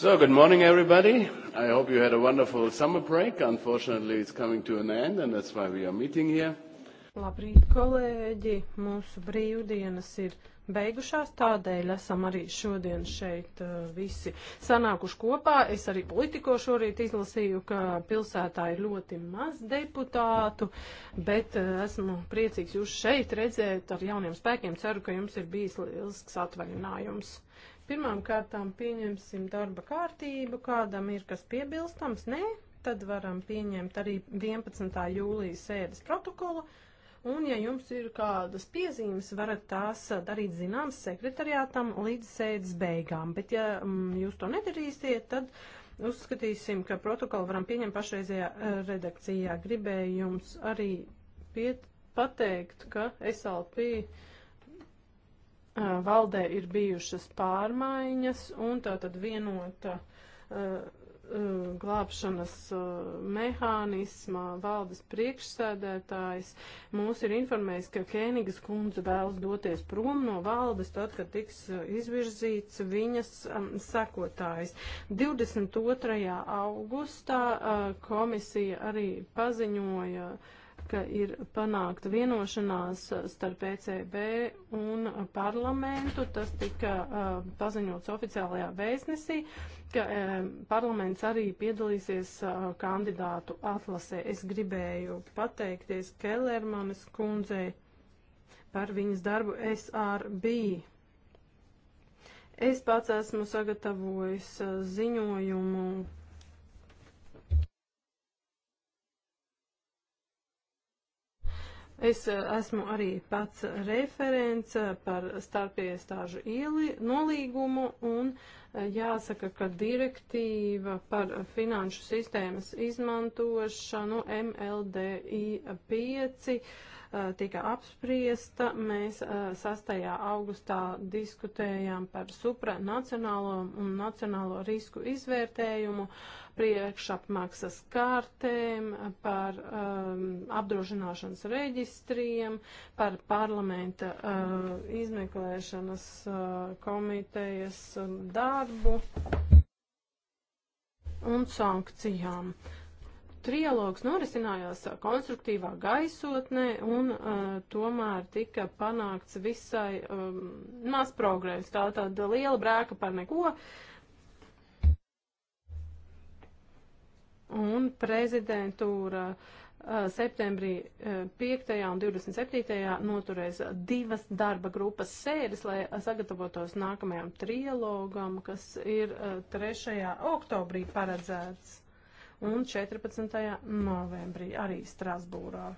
So, good morning, everybody. I hope you had a wonderful summer break. Unfortunately, it's coming to an end, and that's why we are meeting here. Labrīt, kolēģi! Mūsu brīvdienas ir beigušās, tādēļ esam arī šodien šeit uh, visi sanākuši kopā. Es arī politiko šorīt izlasīju, ka pilsētā ir ļoti maz deputātu, bet uh, esmu priecīgs jūs šeit redzēt ar jauniem spēkiem. Ceru, ka jums ir bijis liels atvaļinājums. Pirmām kārtām pieņemsim darba kārtību, kādam ir kas piebilstams, nē, tad varam pieņemt arī 11. jūlijas sēdes protokolu. Un, ja jums ir kādas piezīmes, varat tās darīt zināmas sekretariātam līdz sēdes beigām. Bet, ja mm, jūs to nedarīsiet, tad uzskatīsim, ka protokolu varam pieņemt pašreizajā eh, redakcijā. Gribēju jums arī piet, pateikt, ka SLP. Uh, valdē ir bijušas pārmaiņas un tā tad vienota glābšanas mehānismā valdes priekšsēdētājs mūs ir informējis, ka Kēnigas kundze vēlas doties prom no valdes, tad, kad tiks izvirzīts viņas um, sekotājs. 22. augustā uh, komisija arī paziņoja uh, ka ir panākta vienošanās starp ECB un parlamentu. Tas tika uh, paziņots oficiālajā vēstnesī, ka uh, parlaments arī piedalīsies uh, kandidātu atlasē. Es gribēju pateikties Kellermanes kundzei par viņas darbu SRB. Es pats esmu sagatavojis ziņojumu Es eh, esmu arī pats referents eh, par starpiestāžu ieli nolīgumu un eh, jāsaka, ka direktīva par finanšu sistēmas izmantošanu MLDI 5 Eh, tika apspriesta. Mēs 6. Eh, augustā diskutējām par supranacionālo un nacionālo risku izvērtējumu, priekšapmaksas kārtēm, par um, apdrošināšanas reģistriem, par parlamenta uh, izmeklēšanas uh, komitejas darbu un sankcijām. Uh, trialogs norisinājās konstruktīvā gaisotnē un uh, tomēr tika panākts visai um, maz progress. Tā tāda liela brēka par neko. Un prezidentūra uh, septembrī uh, 5. un 27. noturēs divas darba grupas sēdes, lai sagatavotos nākamajam trialogam, kas ir uh, 3. oktobrī paredzēts un 14. novembrī arī Strasbūrā.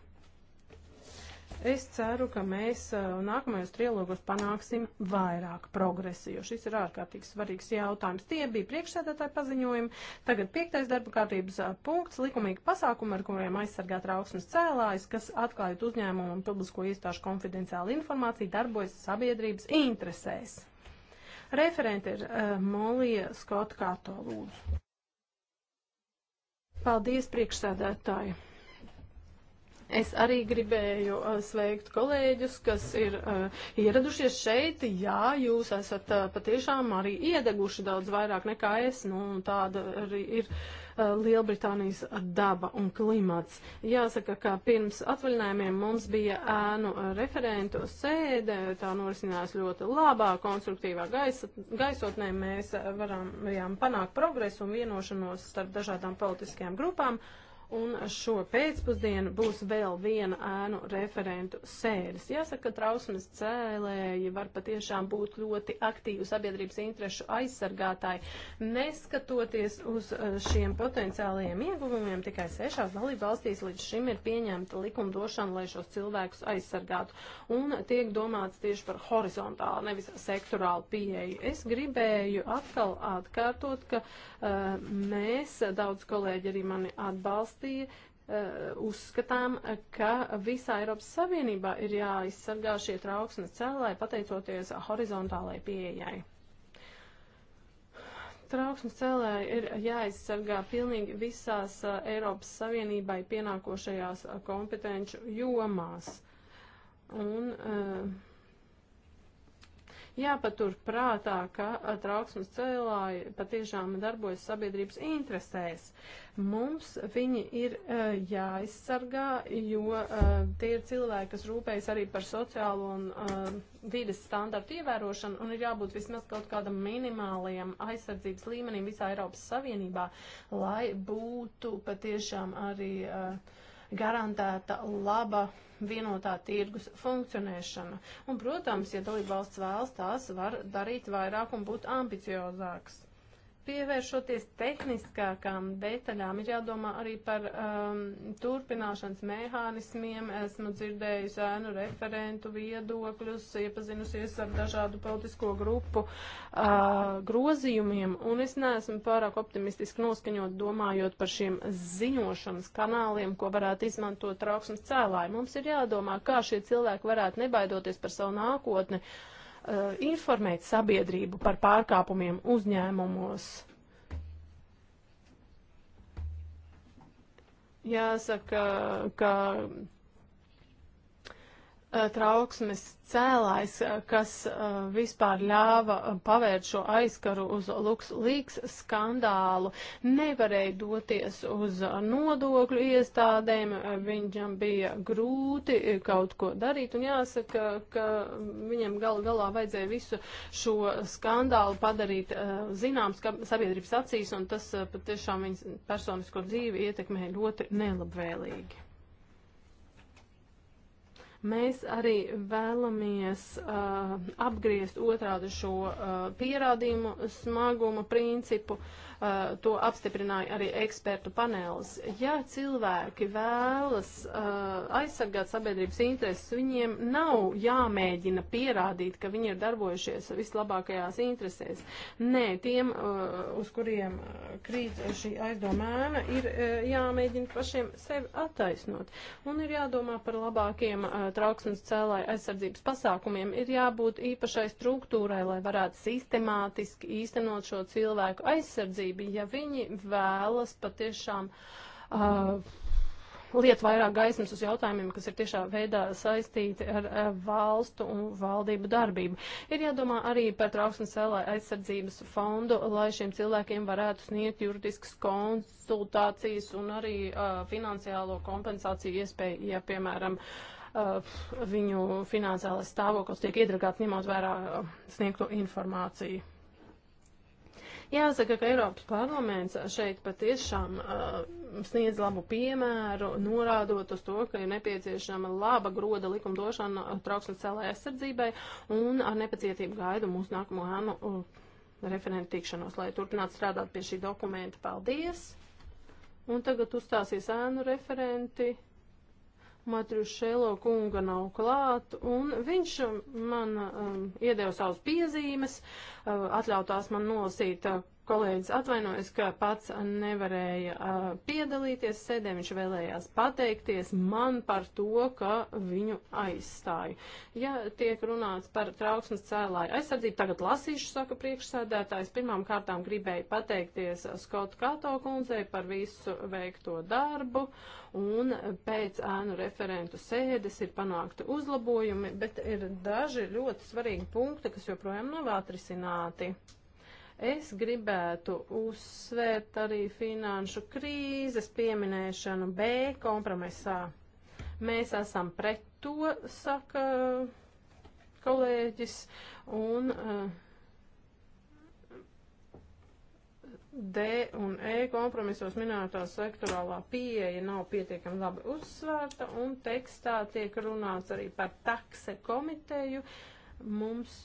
Es ceru, ka mēs uh, nākamajos trilogos panāksim vairāk progresi, jo šis ir ārkārtīgi svarīgs jautājums. Tie bija priekšsēdētāji paziņojumi. Tagad piektais darba kārtības uh, punkts - likumīgi pasākumi, ar kuriem aizsargāt trauksmes cēlājs, kas atklājot uzņēmumu un publisko iestāžu konfidenciālu informāciju, darbojas sabiedrības interesēs. Referente ir uh, Molija Skotka Kato lūdzu. Paldies, priekšsēdētāji! Es arī gribēju uh, sveikt kolēģus, kas ir uh, ieradušies šeit. Jā, jūs esat uh, patiešām arī iedeguši daudz vairāk nekā es. Nu, tāda arī ir uh, Lielbritānijas daba un klimats. Jāsaka, ka pirms atvaļinājumiem mums bija ēnu uh, referentu sēde. Tā norisinājās ļoti labā, konstruktīvā gaisa, gaisotnē. Mēs uh, varam, varējām panākt progresu un vienošanos starp dažādām politiskajām grupām. Uh, un šo pēcpusdienu būs vēl viena ēnu referentu sēdes. Jāsaka, ka trausmes cēlēji var patiešām būt ļoti aktīvi sabiedrības interešu aizsargātāji, neskatoties uz e, šiem potenciālajiem ieguvumiem, tikai sešās dalību valstīs līdz šim ir pieņemta likumdošana, lai šos cilvēkus aizsargātu, un tiek domāts tieši par horizontālu, nevis sektorālu pieeju. Es gribēju atkal atkārtot, ka uh, mēs, daudz kolēģi arī mani atbalsta, izklāstīja, eh, uzskatām, ka visā Eiropas Savienībā ir jāizsargā šie trauksmes cēlāji pateicoties horizontālajai pieejai. Trauksmes cēlēji ir jāizsargā pilnīgi visās eh, Eiropas Savienībai pienākošajās eh, kompetenču jomās. Un, uh, Jāpatur prātā, ka trauksmes cēlāji patiešām darbojas sabiedrības interesēs. Mums viņi ir uh, jāizsargā, jo uh, tie ir cilvēki, kas rūpējas arī par sociālo un uh, vides standartu ievērošanu, un ir jābūt vismaz kaut kādam minimālajam aizsardzības līmenim visā Eiropas Savienībā, lai būtu patiešām arī. Uh, garantēta laba vienotā tirgus funkcionēšana. Un, protams, ja dalībvalsts vēlas, tās var darīt vairāk un būt ambiciozāks pievēršoties tehniskākām detaļām, ir jādomā arī par um, turpināšanas mehānismiem. Esmu dzirdējusi ēnu referentu viedokļus, iepazinusies ar dažādu politisko grupu uh, grozījumiem, un es neesmu pārāk optimistiski noskaņot domājot par šiem ziņošanas kanāliem, ko varētu izmantot trauksmes cēlāji. Mums ir jādomā, kā šie cilvēki varētu nebaidoties par savu nākotni uh, informēt sabiedrību par pārkāpumiem uzņēmumos. Jāsaka, ka Eh, trauksmes cēlājs, eh, kas eh, vispār ļāva pavērt šo aizkaru uz LuxLeaks skandālu, nevarēja doties uz nodokļu iestādēm, viņam bija grūti kaut ko darīt, un jāsaka, ka viņam gal galā vajadzēja visu šo skandālu padarīt zināms sabiedrības acīs, un tas patiešām viņas personisko dzīvi ietekmē ļoti nelabvēlīgi. Mēs arī vēlamies uh, apgriezt otrādi šo uh, pierādījumu smaguma principu. Uh, to apstiprināja arī ekspertu panelis. Ja cilvēki vēlas uh, aizsargāt sabiedrības intereses, viņiem nav jāmēģina pierādīt, ka viņi ir darbojušies vislabākajās interesēs. Nē, tiem, uh, uz kuriem uh, krīt šī aizdomēna, ir uh, jāmēģina pašiem sevi attaisnot. Un ir jādomā par labākiem uh, trauksmes cēlāju aizsardzības pasākumiem, ir jābūt īpašai struktūrai, lai varētu sistemātiski īstenot šo cilvēku aizsardzību, ja viņi vēlas patiešām uh, liet vairāk gaismas uz jautājumiem, kas ir tiešā veidā saistīti ar, ar uh, valstu un valdību darbību. Ir jādomā arī par trauksmes cēlāju aizsardzības fondu, lai šiem cilvēkiem varētu sniegt juridiskas konsultācijas un arī uh, finansiālo kompensāciju iespēju, ja, piemēram, uh, Uh, viņu finansiālais stāvoklis tiek iedragāts ņemot vērā uh, sniegto informāciju. Jāsaka, ka Eiropas parlaments šeit patiešām uh, sniedz labu piemēru, norādot uz to, ka ir nepieciešama laba groda likumdošana uh, trauksmes cēlē aizsardzībai un ar nepacietību gaidu mūsu nākamo ēnu uh, referentu tikšanos, lai turpinātu strādāt pie šī dokumenta. Paldies! Un tagad uzstāsies ēnu referenti. Matrušēlo kunga nav klāt, un viņš um, man um, iedeva savus piezīmes, uh, atļautās man nolasīt uh, kolēģis atvainojas, ka pats nevarēja uh, piedalīties sēdē, viņš vēlējās pateikties man par to, ka viņu aizstāju. Ja tiek runāts par trauksmes cēlāju aizsardzību, tagad lasīšu, saka priekšsēdētājs, pirmām kārtām gribēju pateikties Skotu Kato kundzei par visu veikto darbu, un pēc ēnu referentu sēdes ir panākti uzlabojumi, bet ir daži ļoti svarīgi punkti, kas joprojām nav atrisināti. Es gribētu uzsvērt arī finanšu krīzes pieminēšanu B kompromisā. Mēs esam pret to, saka kolēģis, un D un E kompromisos minētā sektorālā pieeja nav pietiekami labi uzsvērta, un tekstā tiek runāts arī par takse komiteju. Mums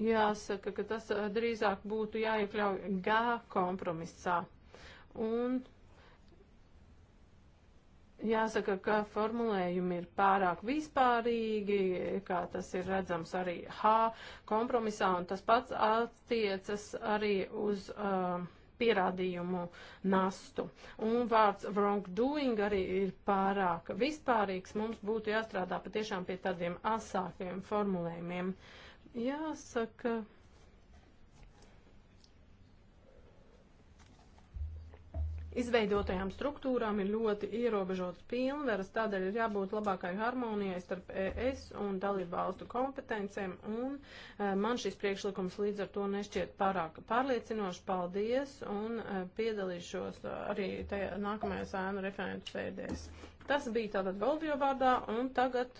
Jāsaka, ka tas eh, drīzāk būtu jāiekļauj G kompromisā. Un jāsaka, ka formulējumi ir pārāk vispārīgi, kā tas ir redzams arī H kompromisā, un tas pats attiecas arī uz uh, pierādījumu nastu. Un vārds wrongdoing arī ir pārāk vispārīgs. Mums būtu jāstrādā patiešām pie tādiem asākiem formulējumiem. Uh, Jāsaka, Izveidotajām struktūrām ir ļoti ierobežotas pilnveras, tādēļ ir jābūt labākai harmonijai starp ES un dalību valstu kompetencēm, un e, man šis priekšlikums līdz ar to nešķiet pārāk pārliecinoši. Paldies, un e, piedalīšos arī tajā nākamajā sēnu referentu sēdēs. Tas bija tātad Goldvio vārdā, un tagad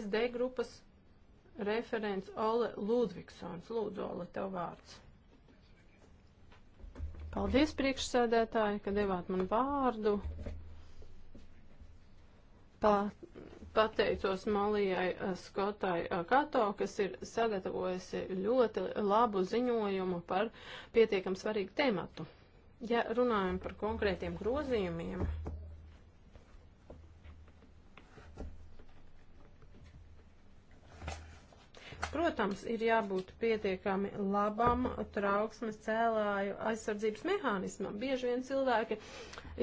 SD grupas referents Ole Ludvigsons. Lūdzu, Ole, tev vārds. Paldies, priekšsēdētāji, ka devāt man vārdu. Pa, pateicos Malijai eh, Skotai eh, Kato, kas ir sagatavojusi ļoti labu ziņojumu par pietiekam svarīgu tematu. Ja runājam par konkrētiem grozījumiem, Protams, ir jābūt pietiekami labam trauksmes cēlāju aizsardzības mehānismam. Bieži vien cilvēki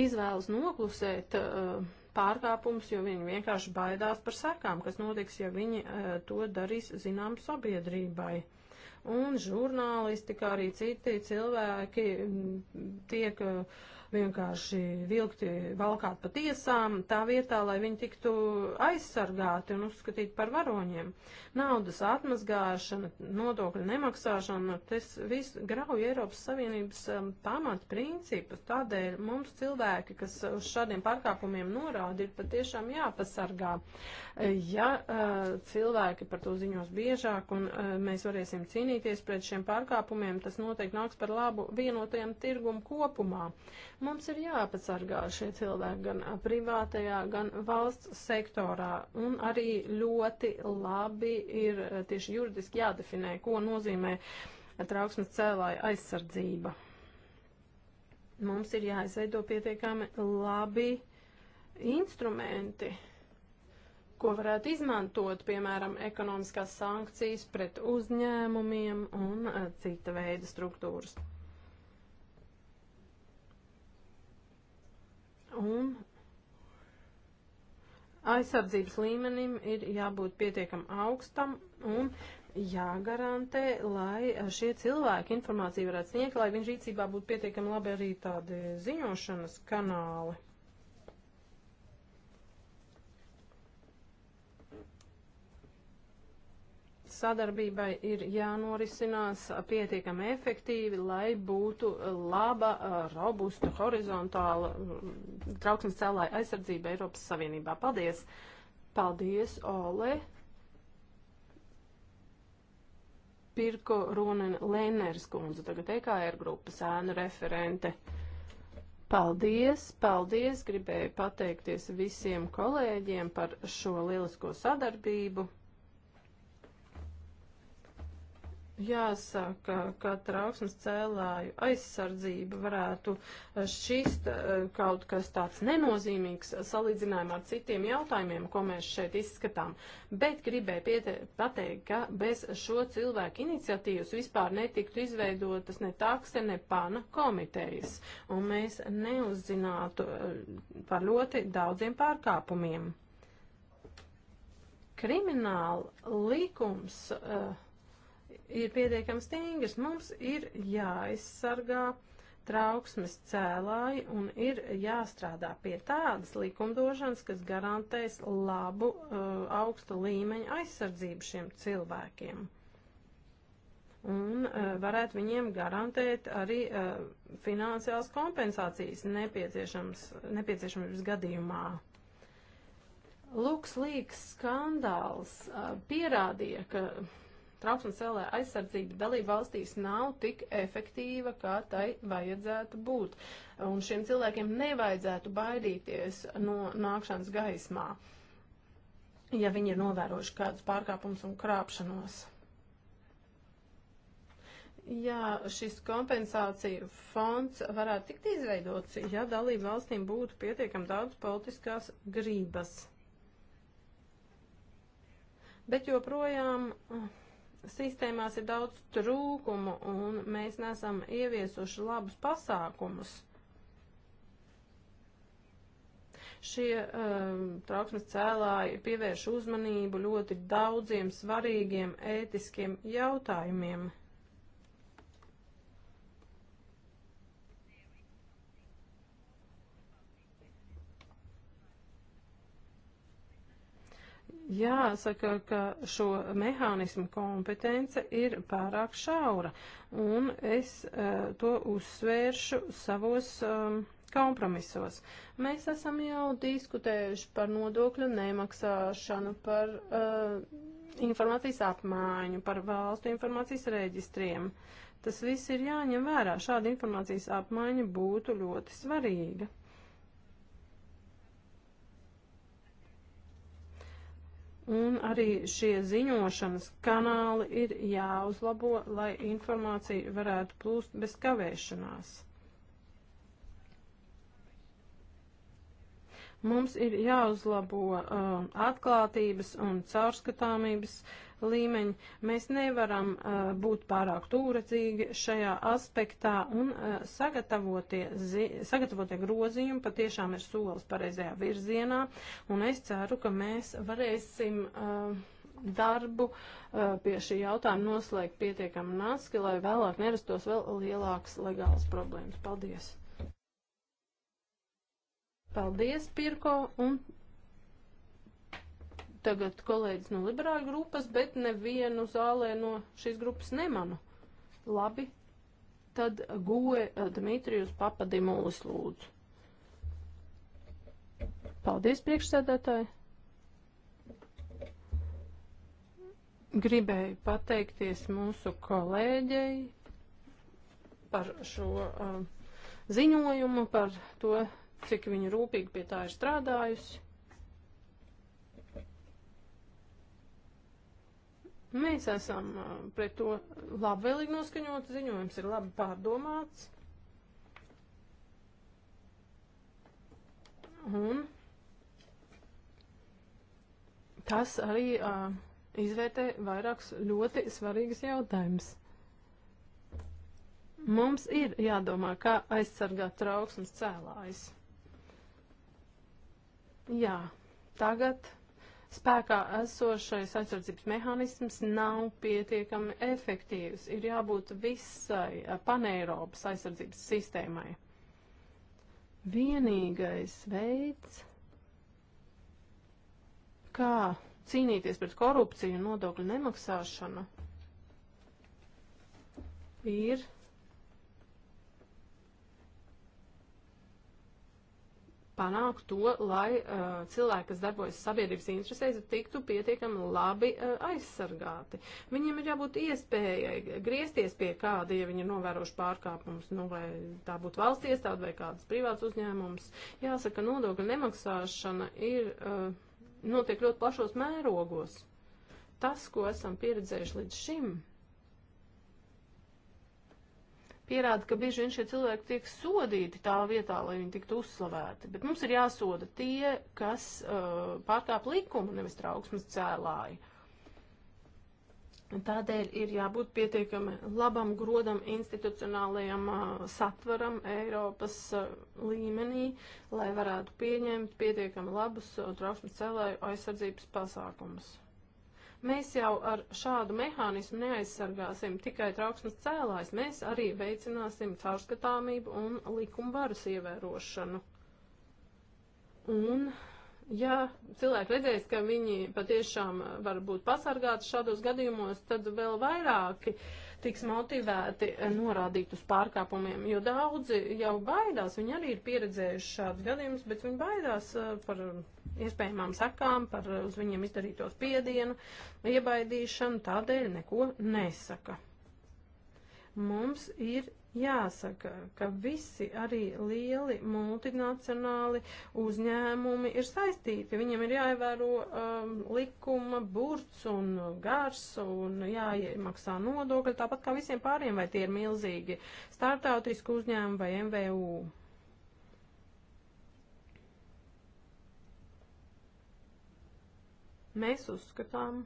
izvēlas noklusēt uh, pārkāpumus, jo viņi vienkārši baidās par sekām, kas notiks, ja viņi uh, to darīs zinām sabiedrībai un žurnālisti, kā arī citi cilvēki mm, tiek uh, vienkārši vilkti valkāt pa tiesām, tā vietā, lai viņi tiktu aizsargāti un uzskatīti par varoņiem. Naudas atmazgāšana, nodokļu nemaksāšana, nu, tas viss grauj Eiropas Savienības um, pamatprincipus. Tādēļ mums cilvēki, kas uz šādiem pārkāpumiem norāda, ir patiešām jāpasargā. E, ja uh, cilvēki par to ziņos biežāk un uh, mēs varēsim cīnīties pret šiem pārkāpumiem, tas noteikti nāks par labu vienotajam tirgumu kopumā. Mums ir jāpasargā šie cilvēki gan privātajā, gan valsts sektorā. Un arī ļoti labi ir tieši juridiski jādefinē, ko nozīmē trauksmes cēlāja aizsardzība. Mums ir jāizveido pietiekami labi instrumenti ko varētu izmantot, piemēram, ekonomiskās sankcijas pret uzņēmumiem un cita veida struktūras. Un aizsardzības līmenim ir jābūt pietiekam augstam un jāgarantē, lai šie cilvēki informāciju varētu sniegt, lai viņu rīcībā būtu pietiekami labi arī tādi ziņošanas kanāli. sadarbībai ir jānorisinās pietiekami efektīvi, lai būtu laba, eh, robusta, horizontāla mm, trauksmes cēlāja aizsardzība Eiropas Savienībā. Paldies! Paldies, Ole! Pirko Ronen Lenners kundze, tagad EKR grupas ēnu referente. Paldies, paldies, gribēju pateikties visiem kolēģiem par šo lielisko sadarbību. Jāsaka, ka trauksmes cēlāju aizsardzība varētu šķist eh, kaut kas tāds nenozīmīgs salīdzinājumā ar citiem jautājumiem, ko mēs šeit izskatām. Bet gribēju pateikt, ka bez šo cilvēku iniciatīvas vispār netiktu izveidotas ne takse, ne pana komitejas, un mēs neuzzinātu eh, par ļoti daudziem pārkāpumiem. Krimināla likums. Uh, ir pietiekami stingras. Mums ir jāaizsargā trauksmes cēlāji un ir jāstrādā pie tādas likumdošanas, kas garantēs labu, uh, augsta līmeņa aizsardzību šiem cilvēkiem. Un uh, varētu viņiem garantēt arī uh, finansiālas kompensācijas nepieciešamības gadījumā. Luks līks skandāls uh, pierādīja, ka trauksmes cēlē aizsardzība dalību valstīs nav tik efektīva, kā tai vajadzētu būt. Un šiem cilvēkiem nevajadzētu baidīties no nākšanas gaismā, ja viņi ir novērojuši kādus pārkāpumus un krāpšanos. Jā, šis kompensāciju fonds varētu tikt izveidots, ja dalību valstīm būtu pietiekam daudz politiskās grības. Bet joprojām. Uh, sistēmās ir daudz trūkumu un mēs nesam ieviesuši labus pasākumus. Šie um, trauksmes cēlāji pievērš uzmanību ļoti daudziem svarīgiem ētiskiem jautājumiem. Jāsaka, ka šo mehānismu kompetence ir pārāk šaura, un es uh, to uzsvēršu savos um, kompromisos. Mēs esam jau diskutējuši par nodokļu nemaksāšanu, par uh, informācijas apmaiņu, par valstu informācijas reģistriem. Tas viss ir jāņem vērā. Šāda informācijas apmaiņa būtu ļoti svarīga. Un arī šie ziņošanas kanāli ir jāuzlabo, lai informācija varētu plūst bez kavēšanās. Mums ir jāuzlabo uh, atklātības un caurskatāmības uh, līmeņa. Mēs nevaram uh, būt pārāk tūredzīgi šajā aspektā un uh, sagatavotie, zi, sagatavotie grozījumi patiešām ir solis pareizajā virzienā, un es ceru, ka mēs varēsim. Uh, darbu uh, pie šī jautājuma noslēgt pietiekami naski, lai vēlāk nerastos vēl lielākas legālas problēmas. Paldies! Paldies, Pirko, un tagad kolēģis no liberāļu grupas, bet nevienu zālē no šīs grupas nemanu. Labi, tad goe eh, Dmitrijus Papadimulis lūdzu. Paldies, priekšsēdētāji! Gribēju pateikties mūsu kolēģei par šo uh, ziņojumu, par to, cik viņa rūpīgi pie tā ir strādājusi. Mēs esam uh, pret to labvēlīgi noskaņot, ziņojums ir labi pārdomāts. Un tas arī uh, izvērtē vairākus ļoti svarīgus jautājumus. Mums ir jādomā, kā aizsargāt trauksmes cēlājus. Jā, tagad spēkā esošais aizsardzības mehānisms nav pietiekami efektīvs. Ir jābūt visai eh, paneiropas aizsardzības sistēmai. Vienīgais veids, kā cīnīties pret korupciju un nodokļu nemaksāšanu, ir panākt to, lai uh, cilvēki, kas darbojas sabiedrības interesēs, tiktu pietiekami labi uh, aizsargāti. Viņiem ir jābūt iespējai griezties pie kāda, ja viņi ir novērojuši pārkāpumus, nu, vai tā būtu valsts iestāde vai kādas privāts uzņēmums. Jāsaka, nodokļu nemaksāšana ir, uh, notiek ļoti plašos mērogos. Tas, ko esam pieredzējuši līdz šim, pierāda, ka bieži vien šie cilvēki tiek sodīti tā vietā, lai viņi tiktu uzslavēti. Bet mums ir jāsoda tie, kas uh, pārkāp likumu, nevis trauksmes cēlāji. Tādēļ ir jābūt pietiekami labam grodam institucionālajam uh, satvaram Eiropas uh, līmenī, lai varētu pieņemt pietiekami labus uh, trauksmes cēlāju aizsardzības pasākumus. Mēs jau ar šādu mehānismu neaizsargāsim tikai trauksmes cēlājs, mēs arī veicināsim caurskatāmību un likumvaras ievērošanu. Un ja cilvēki redzēs, ka viņi patiešām var būt pasargāti šādos gadījumos, tad vēl vairāki uh, tiks motivēti eh, norādīt uz pārkāpumiem, jo daudzi jau baidās, viņi arī ir pieredzējuši šādus gadījumus, bet viņi baidās eh, par eh, iespējamām sakām, par uz viņiem izdarīto spiedienu, iebaidīšanu, tādēļ neko nesaka. Mums ir Jāsaka, ka visi arī lieli multinacionāli uzņēmumi ir saistīti. Viņiem ir jāievēro um, likuma burts un gars un jāiemaksā nodokļi, tāpat kā visiem pāriem, vai tie ir milzīgi startautisku uzņēmumu vai MVU. Mēs uzskatām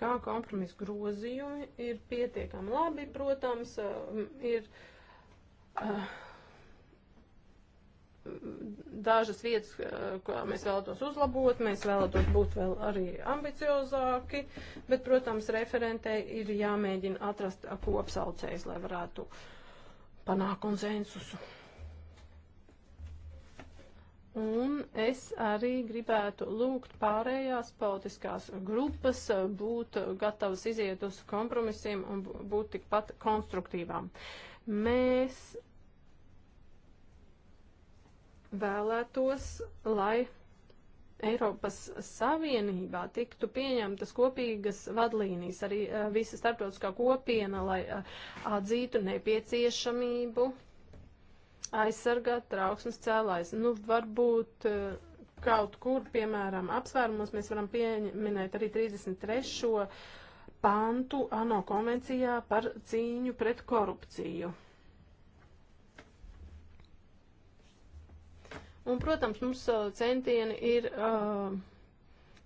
kā kompromisa grozījumi ir pietiekami labi, protams, eh, ir eh, dažas vietas, eh, ko mēs vēlētos uzlabot, mēs vēlētos būt vēl arī ambiciozāki, bet, protams, referentei ir jāmēģina atrast kopsaucējs, lai varētu panākt konsensusu. Un es arī gribētu lūgt pārējās politiskās grupas eh, būt gatavas iziet uz kompromisiem un būt tikpat konstruktīvām. Mēs vēlētos, lai Eiropas Savienībā tiktu pieņemtas kopīgas vadlīnijas, arī eh, visa starptautiskā kopiena, lai eh, atzītu nepieciešamību aizsargāt trauksmes cēlājs. Nu, varbūt eh, kaut kur, piemēram, apsvērumos mēs varam pieminēt arī 33. pantu ANO konvencijā par cīņu pret korupciju. Un, protams, mums eh, centieni ir. Uh,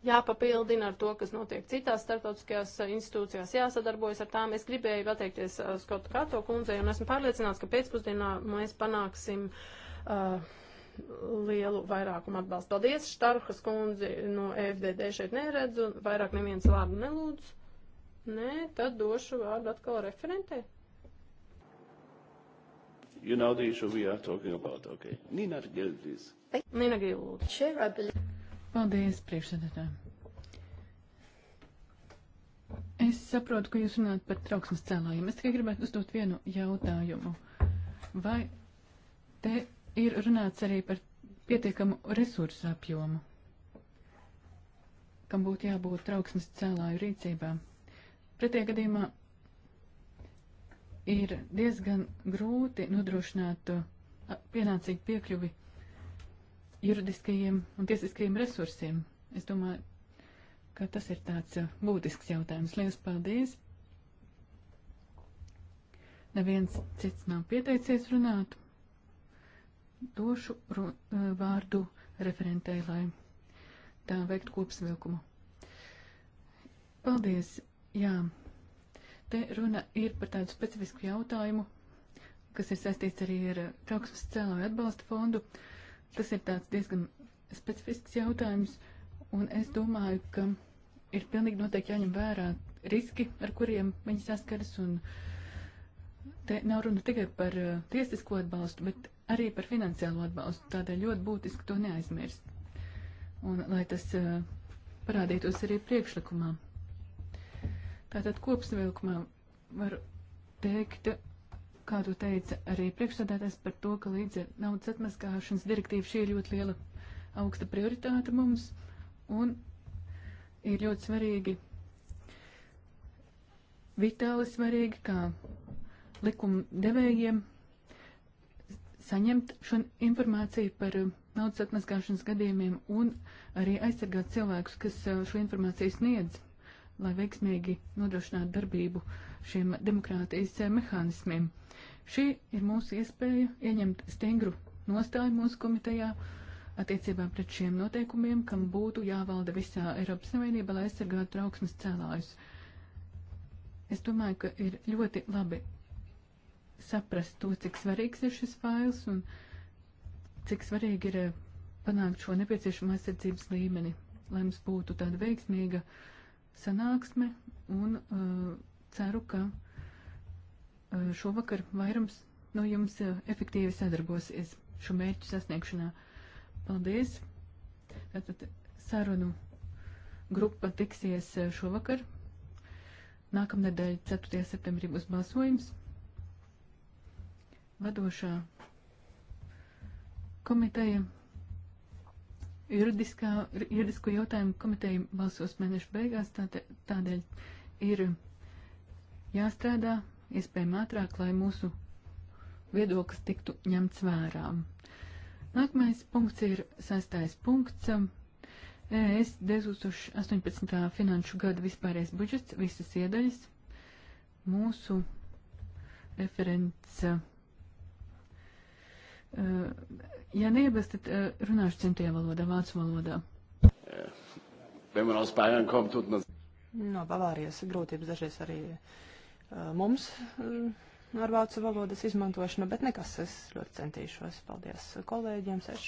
jāpapildina ar to, kas notiek citās starptautiskajās eh, institūcijās, jāsadarbojas ar tām. Es gribēju pateikties eh, Skotu Kato kundzei un esmu pārliecināts, ka pēcpusdienā mēs panāksim. Uh, lielu vairākumu atbalstu. Paldies, Štarhas kundzi no FDD šeit neredzu, vairāk neviens vārdu nelūdz. Nē, tad došu vārdu atkal referentē. You know the issue we are talking about, okay? Nina Gildis. Nina Gildis. Paldies, priekšsēdētāji. Es saprotu, ka jūs runājat par trauksmes cēlājiem. Es tikai gribētu uzdot vienu jautājumu. Vai te ir runāts arī par pietiekamu resursu apjomu, kam būtu jābūt trauksmes cēlāju rīcībā? Pretējā gadījumā ir diezgan grūti nodrošināt pienācīgu piekļuvi juridiskajiem un tiesiskajiem resursiem. Es domāju, ka tas ir tāds eh, būtisks jautājums. Lielas paldies! Neviens cits nav pieteicies runāt. Došu ru, eh, vārdu referentei, lai tā veikt kopsvilkumu. Paldies! Jā, te runa ir par tādu specifisku jautājumu, kas ir saistīts arī ar eh, trauksmes cēlāju atbalsta fondu. Uh, Tas ir tāds diezgan specifisks jautājums, un es domāju, ka ir pilnīgi noteikti jāņem vērā riski, ar kuriem viņi saskaras, un te nav runa tikai par uh, tiesisko atbalstu, bet arī par finansiālo atbalstu. Tādēļ ļoti būtiski to neaizmirst. Un lai tas uh, parādītos arī priekšlikumā. Tātad kopsvilkumā var teikt, kā tu teici, arī priekšstādātājs par to, ka līdz naudas atmaskāšanas direktīva šī ir ļoti liela augsta prioritāte mums un ir ļoti svarīgi, vitāli svarīgi, kā likuma devējiem saņemt šo informāciju par naudas atmaskāšanas gadījumiem un arī aizsargāt cilvēkus, kas uh, šo informāciju sniedz, lai veiksmīgi nodrošinātu darbību šiem demokrātijas uh, mehānismiem. Šī ir mūsu iespēja ieņemt stingru nostāju mūsu komitejā attiecībā pret šiem noteikumiem, kam būtu jāvalda visā Eiropas Savienībā, lai aizsargātu trauksmes cēlājus. Es domāju, ka ir ļoti labi saprast to, cik svarīgs ir šis fails un cik svarīgi ir eh, panākt šo nepieciešamo aizsardzības līmeni, lai mums būtu tāda veiksmīga sanāksme un uh, ceru, ka Eh, šovakar vairums no jums eh, efektīvi sadarbosies šo mērķu sasniegšanā. Paldies! Tātad sarunu grupa tiksies eh, šovakar. Nākamnedēļ 4. septembrī būs balsojums. Vadošā komiteja, juridiskā, juridisko jautājumu komiteja balsos mēnešu beigās, tādēļ ir jāstrādā iespējami ātrāk, lai mūsu viedoklis tiktu ņemts vērā. Nākamais punkts ir sastais punkts. ES 2018. finanšu gada vispārējais budžets, visas iedaļas. Mūsu referents. E, ja neiebilst, tad e, runāšu centrajā valodā, vācu valodā. Wenn man aus Bayern kommt, tut man. No Bavārijas grūtības dažreiz arī uh, mums ar vācu valodas izmantošanu, bet nekas, es ļoti centīšos. Paldies kolēģiem, seš,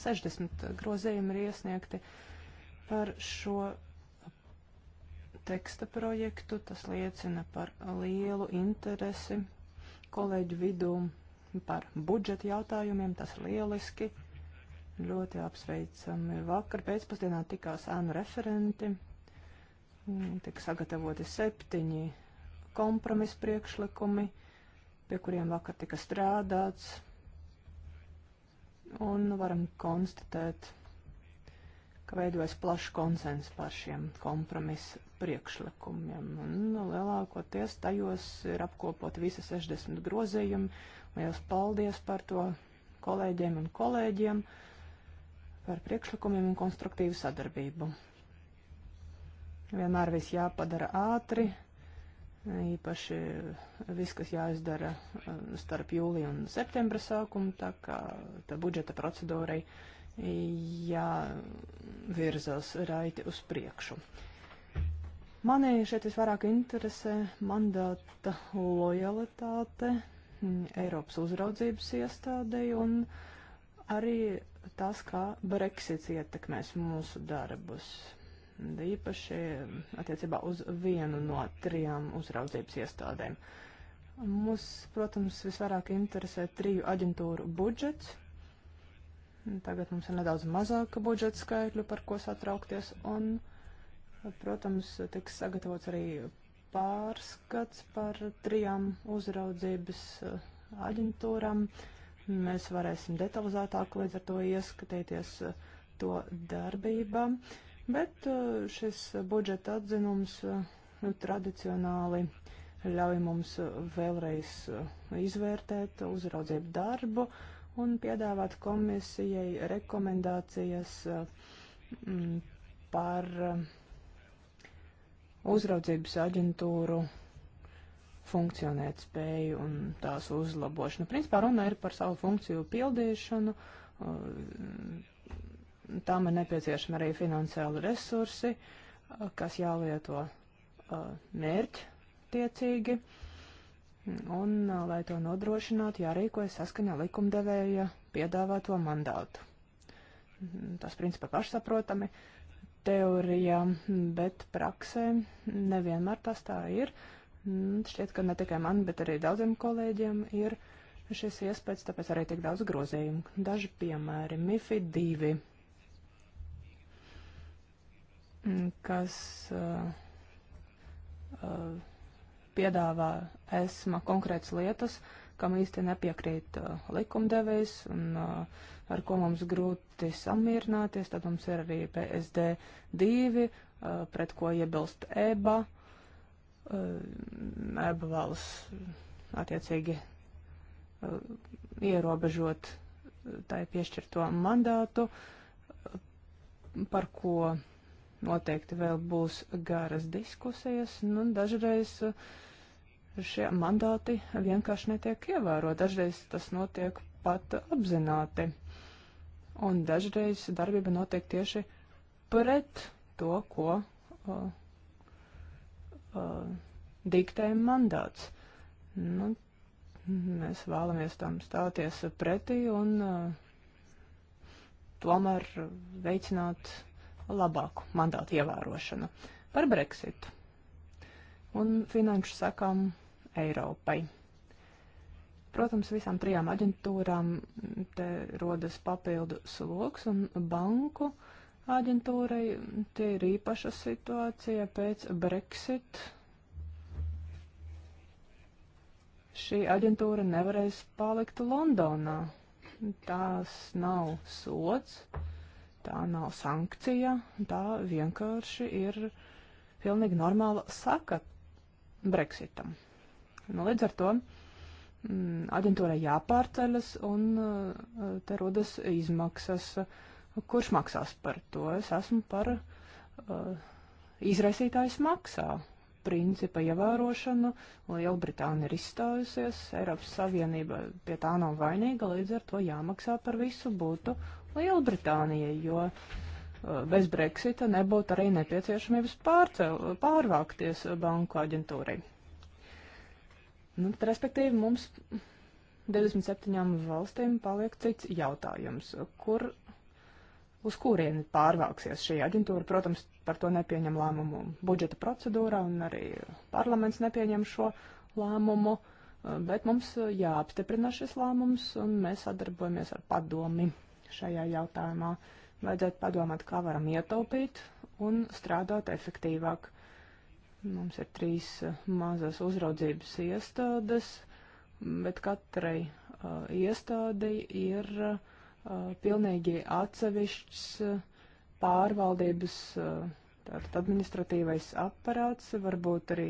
60 grozījumi ir iesniegti par šo teksta projektu. Tas liecina par lielu interesi kolēģu vidū par budžeta jautājumiem, tas ir lieliski. Ļoti apsveicami. Vakar pēcpusdienā tikās ēnu referenti, tika sagatavoti septiņi kompromisu priekšlikumi, pie kuriem vakar tika strādāts. Un varam konstatēt, ka veidojas plašs konsens par šiem kompromisu priekšlikumiem. Un lielākoties tajos ir apkopot visi 60 grozījumi. Liels paldies par to kolēģiem un kolēģiem par priekšlikumiem un konstruktīvu sadarbību. Vienmēr viss jāpadara ātri, Īpaši viss, kas jāizdara um, starp jūliju un septembra sākumu, tā kā tā budžeta procedūrai jāvirzās raiti uz priekšu. Mani šeit visvairāk interesē mandāta lojalitāte mm, Eiropas uzraudzības iestādei un arī tas, kā Brexits ietekmēs mūsu darbus īpaši attiecībā uz vienu no trijām uzraudzības iestādēm. Mums, protams, visvairāk interesē triju aģentūru budžets. Tagad mums ir nedaudz mazāka budžeta skaitļu, par ko satraukties, un, protams, tiks sagatavots arī pārskats par trijām uzraudzības eh, aģentūrām. Mēs varēsim detalizētāk līdz ar to ieskatīties eh, to darbībā. Uh, Bet uh, šis budžeta atzinums uh, nu, tradicionāli ļauj mums uh, vēlreiz izvērtēt uzraudzību darbu un piedāvāt komisijai rekomendācijas mm, par uzraudzības aģentūru funkcionēt spēju un tās uzlabošanu. Principā runa ir par savu funkciju pildīšanu, Tām ir nepieciešami arī finansiāli resursi, kas jālieto mērķtiecīgi. Un, lai to nodrošinātu, jārīkojas saskaņā likumdevēja piedāvāto mandātu. Mm, tas, principā, pašsaprotami teorijā, bet praksē nevienmēr tas tā ir. Mm, šķiet, ka ne tikai man, bet arī daudziem kolēģiem ir šis iespējas, tāpēc arī tik daudz grozījumu. Daži piemēri - MIFI 2 Mm, kas uh, uh, piedāvā ESMA konkrētas lietas, kam īsti nepiekrīt uh, likumdevējs un ar ko mums grūti samierināties. Tad mums ir arī PSD 2, pret ko iebilst EBA. EBA vēlas attiecīgi ierobežot tai piešķirto mandātu, par ko Noteikti vēl būs garas diskusijas, nu, dažreiz uh, šie mandāti vienkārši netiek ievērot, dažreiz tas notiek pat apzināti, un dažreiz darbība notiek tieši pret to, ko uh, uh, diktē mandāts. Nu, mēs vēlamies tam stāties pretī un uh, tomēr veicināt labāku mandātu ievērošanu par Brexitu un finanšu sakām Eiropai. Protams, visām trijām aģentūrām te rodas papildu sloks un banku aģentūrai tie ir īpaša situācija pēc Brexit. Šī aģentūra nevarēs palikt Londonā. Tās nav sots. Uh, Tā nav sankcija, tā vienkārši ir pilnīgi normāla saka Brexitam. Nu, līdz ar to mm, aģentūrai jāpārceļas un eh, te rodas izmaksas. Kurš maksās par to? Es esmu par uh, izraisītājs maksā principa ievērošanu. Lielbritānija ir izstājusies, Eiropas Savienība pie tā nav vainīga, līdz ar to jāmaksā par visu būtu Lielbritānijai, jo uh, bez Brexita nebūtu arī nepieciešamības pārcel, pārvākties banku aģentūrai. Nu, respektīvi, mums 27 valstīm paliek cits jautājums, kur, uz kurieni pārvāksies šī aģentūra. Protams, par to nepieņem lēmumu budžeta procedūrā un arī parlaments nepieņem šo lēmumu, uh, bet mums uh, jāapstiprina šis lēmums un mēs sadarbojamies ar padomi šajā jautājumā. Vajadzētu padomāt, kā varam ietaupīt un strādāt efektīvāk. Mums ir trīs eh, mazas uzraudzības iestādes, bet katrai uh, iestādei ir uh, pilnīgi atsevišķs uh, pārvaldības uh, administratīvais aparāts. Varbūt arī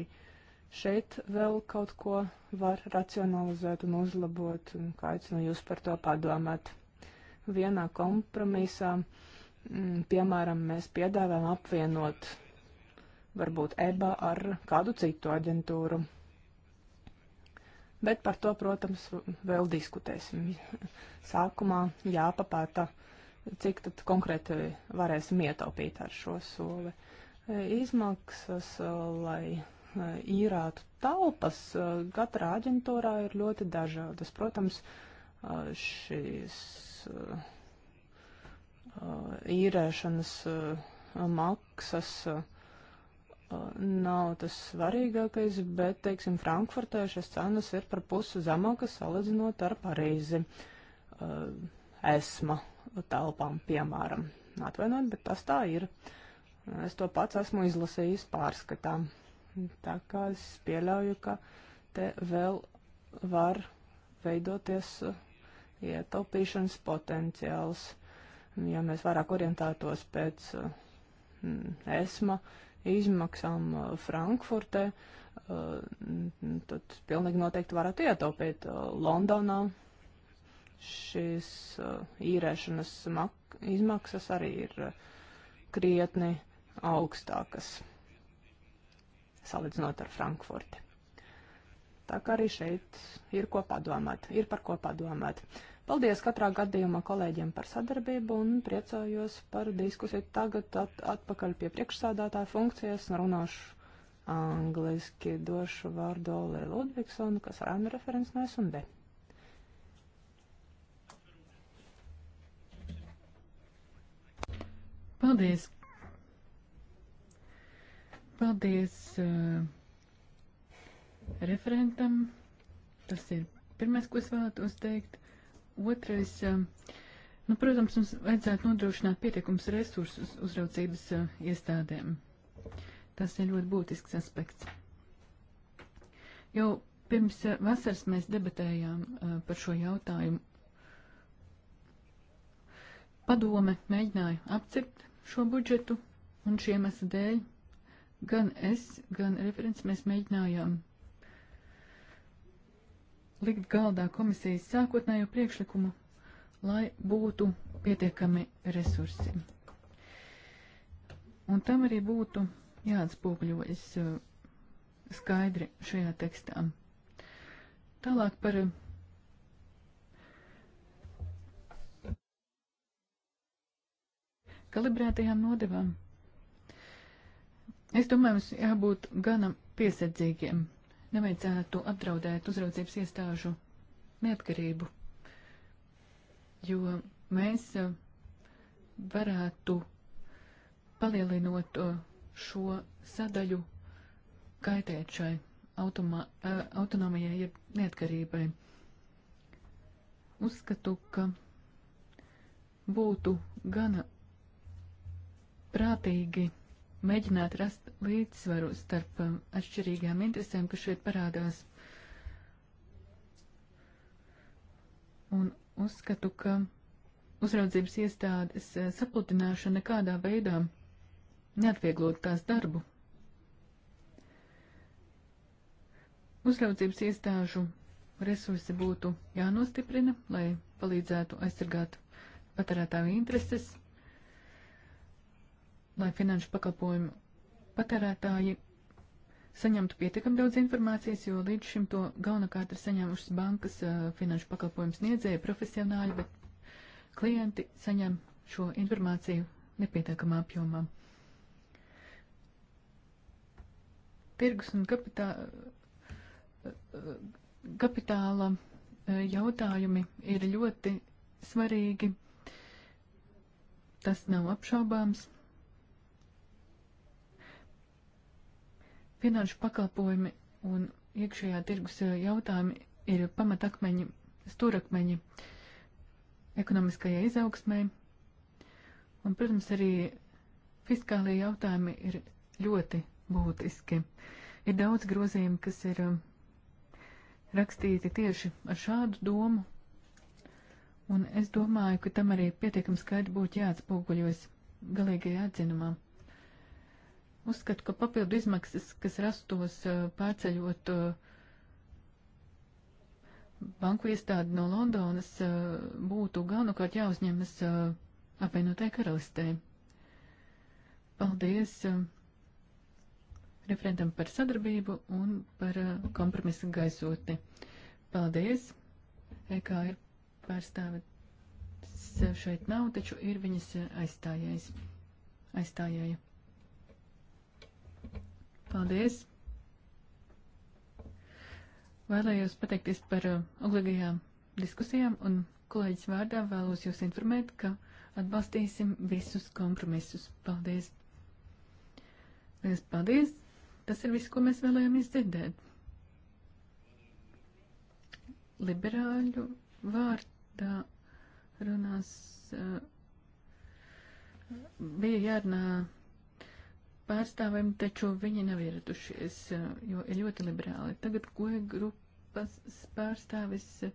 šeit vēl kaut ko var racionalizēt un uzlabot, un aicinu jūs par to padomāt vienā kompromisā, mm, piemēram, mēs piedāvājam apvienot varbūt EBA ar kādu citu aģentūru. Bet par to, protams, vēl diskutēsim. Sākumā jāpapēta, cik tad konkrēti varēsim ietaupīt ar šo soli. E, izmaksas, e, lai e, īrētu telpas katrā aģentūrā ir ļoti dažādas. Protams, šīs Uh, īrēšanas uh, maksas uh, nav tas svarīgākais, bet, teiksim, Frankfurtē šīs cenas ir par pusi zemākas salīdzinot ar Parīzi esma telpām, piemēram. Atvainojiet, bet tas tā ir. Es to pats esmu izlasījis pārskatā. Tā kā es pieļauju, ka te vēl var veidoties uh, ietaupīšanas potenciāls. Ja mēs vairāk orientētos pēc uh, mm, ESMA izmaksām uh, Frankfurtē, uh, tad pilnīgi noteikti varētu ietaupīt Londonā. Šīs īrēšanas izmaksas arī ir krietni augstākas salīdzinot ar Frankfurti. Tā kā arī šeit ir ko padomāt, ir par ko padomāt. Uh, Paldies katrā gadījumā kolēģiem par sadarbību un priecājos par diskusiju. Tagad at atpakaļ pie priekšsādātāja funkcijas runāšu angliski, došu vārdu Olē Ludvigsonu, kas ar Anna referents nes un de. Paldies! Paldies uh, referentam. Tas ir pirmais, ko es vēlētu uzteikt. Otrais, eh, nu, protams, mums vajadzētu nodrošināt pietiekums resursus uzraudzības eh, iestādēm. Tas ir ļoti būtisks aspekts. Jau pirms eh, vasaras mēs debatējām par šo jautājumu. Padome mēģināja apcirkt šo budžetu, un šiem esla dēļ gan es, gan referents mēs mēģinājām likt galdā komisijas sākotnējo priekšlikumu, lai būtu pietiekami resursi. Un tam arī būtu jāatspūgļojas uh, skaidri šajā tekstā. Tālāk par uh, kalibrētajām nodevām. Es domāju, mums jābūt gana piesardzīgiem nevajadzētu apdraudēt uzraudzības iestāžu neatkarību, jo mēs eh, varētu palielinot eh, šo sadaļu kaitēt šai automā, eh, autonomijai, jeb neatkarībai. Uzskatu, ka būtu gana prātīgi mēģināt rast līdzsvaru starp um, atšķirīgām interesēm, kas šeit parādās. Un uzskatu, ka uzraudzības iestādes uh, sapludināšana nekādā veidā neatvieglot tās darbu. Uzraudzības iestāžu resursi būtu jānostiprina, lai palīdzētu aizsargāt patērētāju intereses lai finanšu pakalpojumu patērētāji saņemtu pietiekami daudz informācijas, jo līdz šim to galvenokārt ir saņēmušas bankas, finanšu pakalpojumu sniedzēji, profesionāļi, bet klienti saņem šo informāciju nepietiekamā apjomā. Tirgus un kapitā, kapitāla jautājumi ir ļoti svarīgi. Tas nav apšaubāms. Finanšu pakalpojumi un iekšējā tirgus eh, jautājumi ir pamatakmeņi, stūrakmeņi ekonomiskajai izaugsmai. Un, protams, arī fiskālie jautājumi ir ļoti būtiski. Ir daudz grozījumu, kas ir eh, rakstīti tieši ar šādu domu, un es domāju, ka tam arī pietiekami skaidri būtu jāatspoguļos galīgajā atzinumā. Uzskatu, ka papildu izmaksas, kas rastos uh, pārceļot uh, banku iestādi no Londonas, uh, būtu galvenokārt jāuzņemas apvienotai karalistē. Paldies referentam par sadarbību un par kompromisu gaisotni. Paldies! EKA ir pārstāvis šeit nav, taču ir viņas aizstājējs. Aizstājēja. Paldies! Vēlējos pateikties par obligajām uh, diskusijām un kolēģis vārdā vēlos jūs informēt, ka atbalstīsim visus kompromisus. Paldies! Liels paldies! Tas ir viss, ko mēs vēlējāmies dzirdēt. Liberāļu vārdā runās. Uh, bija jārunā pārstāvim, taču viņi nav ieradušies, eh, jo ir ļoti liberāli. Tagad goja grupas pārstāvis eh,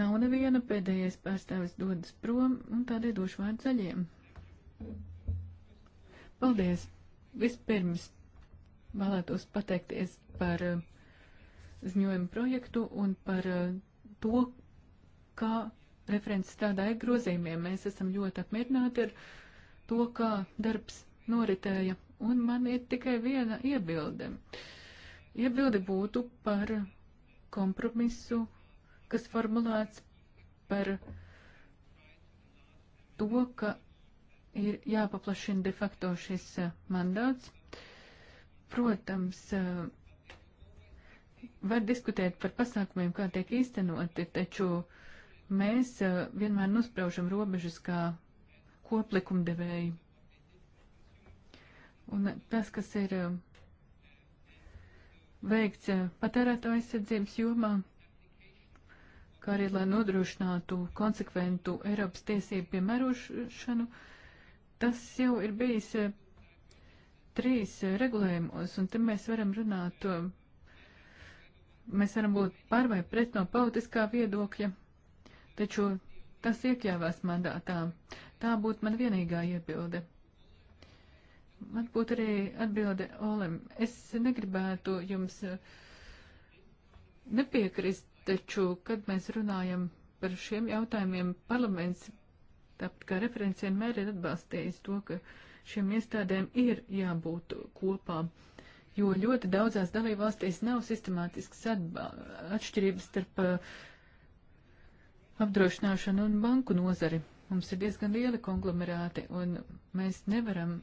nav neviena, pēdējais pārstāvis dodas prom, un tādēļ došu vārdu zaļiem. Paldies! Vispirms vēlētos pateikties par eh, ziņojumu projektu un par to, kā referents strādāja grozījumiem. Mēs esam ļoti apmierināti ar to, kā darbs noritēja, un man ir tikai viena iebilde. Iebilde būtu par kompromisu, kas formulēts par to, ka ir jāpaplašina de facto šis eh, mandāts. Protams, eh, var diskutēt par pasākumiem, kā tiek īstenoti, taču mēs eh, vienmēr nospraužam robežas kā koplikumdevēji. Un tas, kas ir um, veikts uh, patērēto aizsardzības jomā, kā arī lai nodrošinātu konsekventu Eiropas tiesību piemērošanu, tas jau ir bijis uh, trīs uh, regulējumos, un te mēs varam runāt, um, mēs varam būt par vai pret no politiskā viedokļa, taču tas iekļāvās mandātā. Tā būtu man vienīgā iebilde. Varbūt arī atbilde Olim. Es negribētu jums eh, nepiekrist, taču, kad mēs runājam par šiem jautājumiem, parlaments, tāpat kā referents, vienmēr ir atbalstījis to, ka šiem iestādēm ir jābūt kopā, jo ļoti daudzās dalībvalstīs nav sistemātiskas atšķirības starp eh, apdrošināšanu un banku nozari. Mums ir diezgan lieli konglomerāti, un mēs nevaram